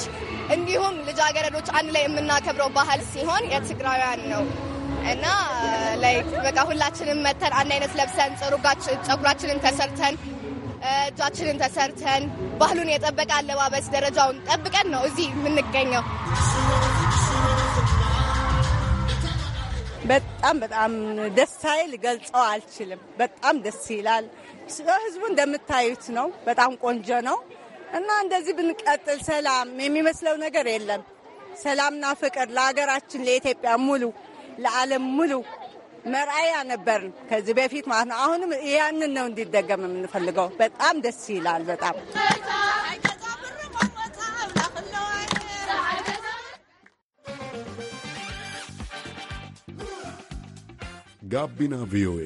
እንዲሁም ልጃገረዶች አንድ ላይ የምናከብረው ባህል ሲሆን የትግራውያን ነው። እና ላይክ በቃ ሁላችንም መተን አንድ አይነት ለብሰን ጸጉራችንን ተሰርተን እጃችንን ተሰርተን ባህሉን የጠበቀ አለባበስ ደረጃውን ጠብቀን ነው እዚህ የምንገኘው። በጣም በጣም ደስ ሳይል ገልጸው አልችልም። በጣም ደስ ይላል። ህዝቡ እንደምታዩት ነው። በጣም ቆንጆ ነው እና እንደዚህ ብንቀጥል ሰላም የሚመስለው ነገር የለም። ሰላምና ፍቅር ለሀገራችን ለኢትዮጵያ ሙሉ ለዓለም ሙሉ መርአያ ነበርን ከዚህ በፊት ማለት ነው። አሁንም ያንን ነው እንዲደገም የምንፈልገው። በጣም ደስ ይላል። በጣም ጋቢና ቪኦኤ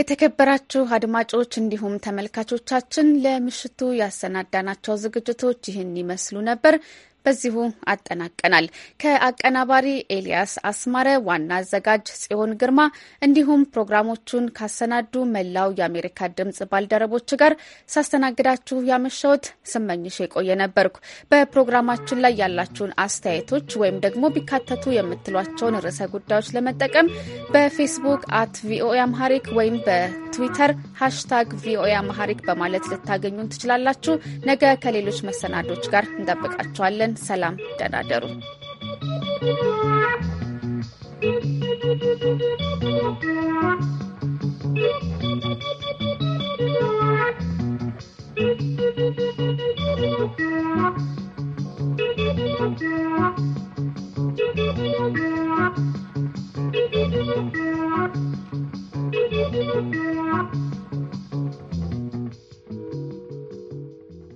የተከበራችሁ አድማጮች እንዲሁም ተመልካቾቻችን ለምሽቱ ያሰናዳናቸው ዝግጅቶች ይህን ይመስሉ ነበር። በዚሁ አጠናቀናል። ከአቀናባሪ ኤልያስ አስማረ፣ ዋና አዘጋጅ ጽዮን ግርማ እንዲሁም ፕሮግራሞቹን ካሰናዱ መላው የአሜሪካ ድምጽ ባልደረቦች ጋር ሳስተናግዳችሁ ያመሸሁት ስመኝሽ የቆየ ነበርኩ። በፕሮግራማችን ላይ ያላችሁን አስተያየቶች ወይም ደግሞ ቢካተቱ የምትሏቸውን ርዕሰ ጉዳዮች ለመጠቀም በፌስቡክ አት ቪኦኤ አምሃሪክ ወይም በትዊተር ሃሽታግ ቪኦኤ አምሃሪክ በማለት ልታገኙን ትችላላችሁ። ነገ ከሌሎች መሰናዶች ጋር እንጠብቃችኋለን። በሉን። ሰላም ደናደሩ። Thank you.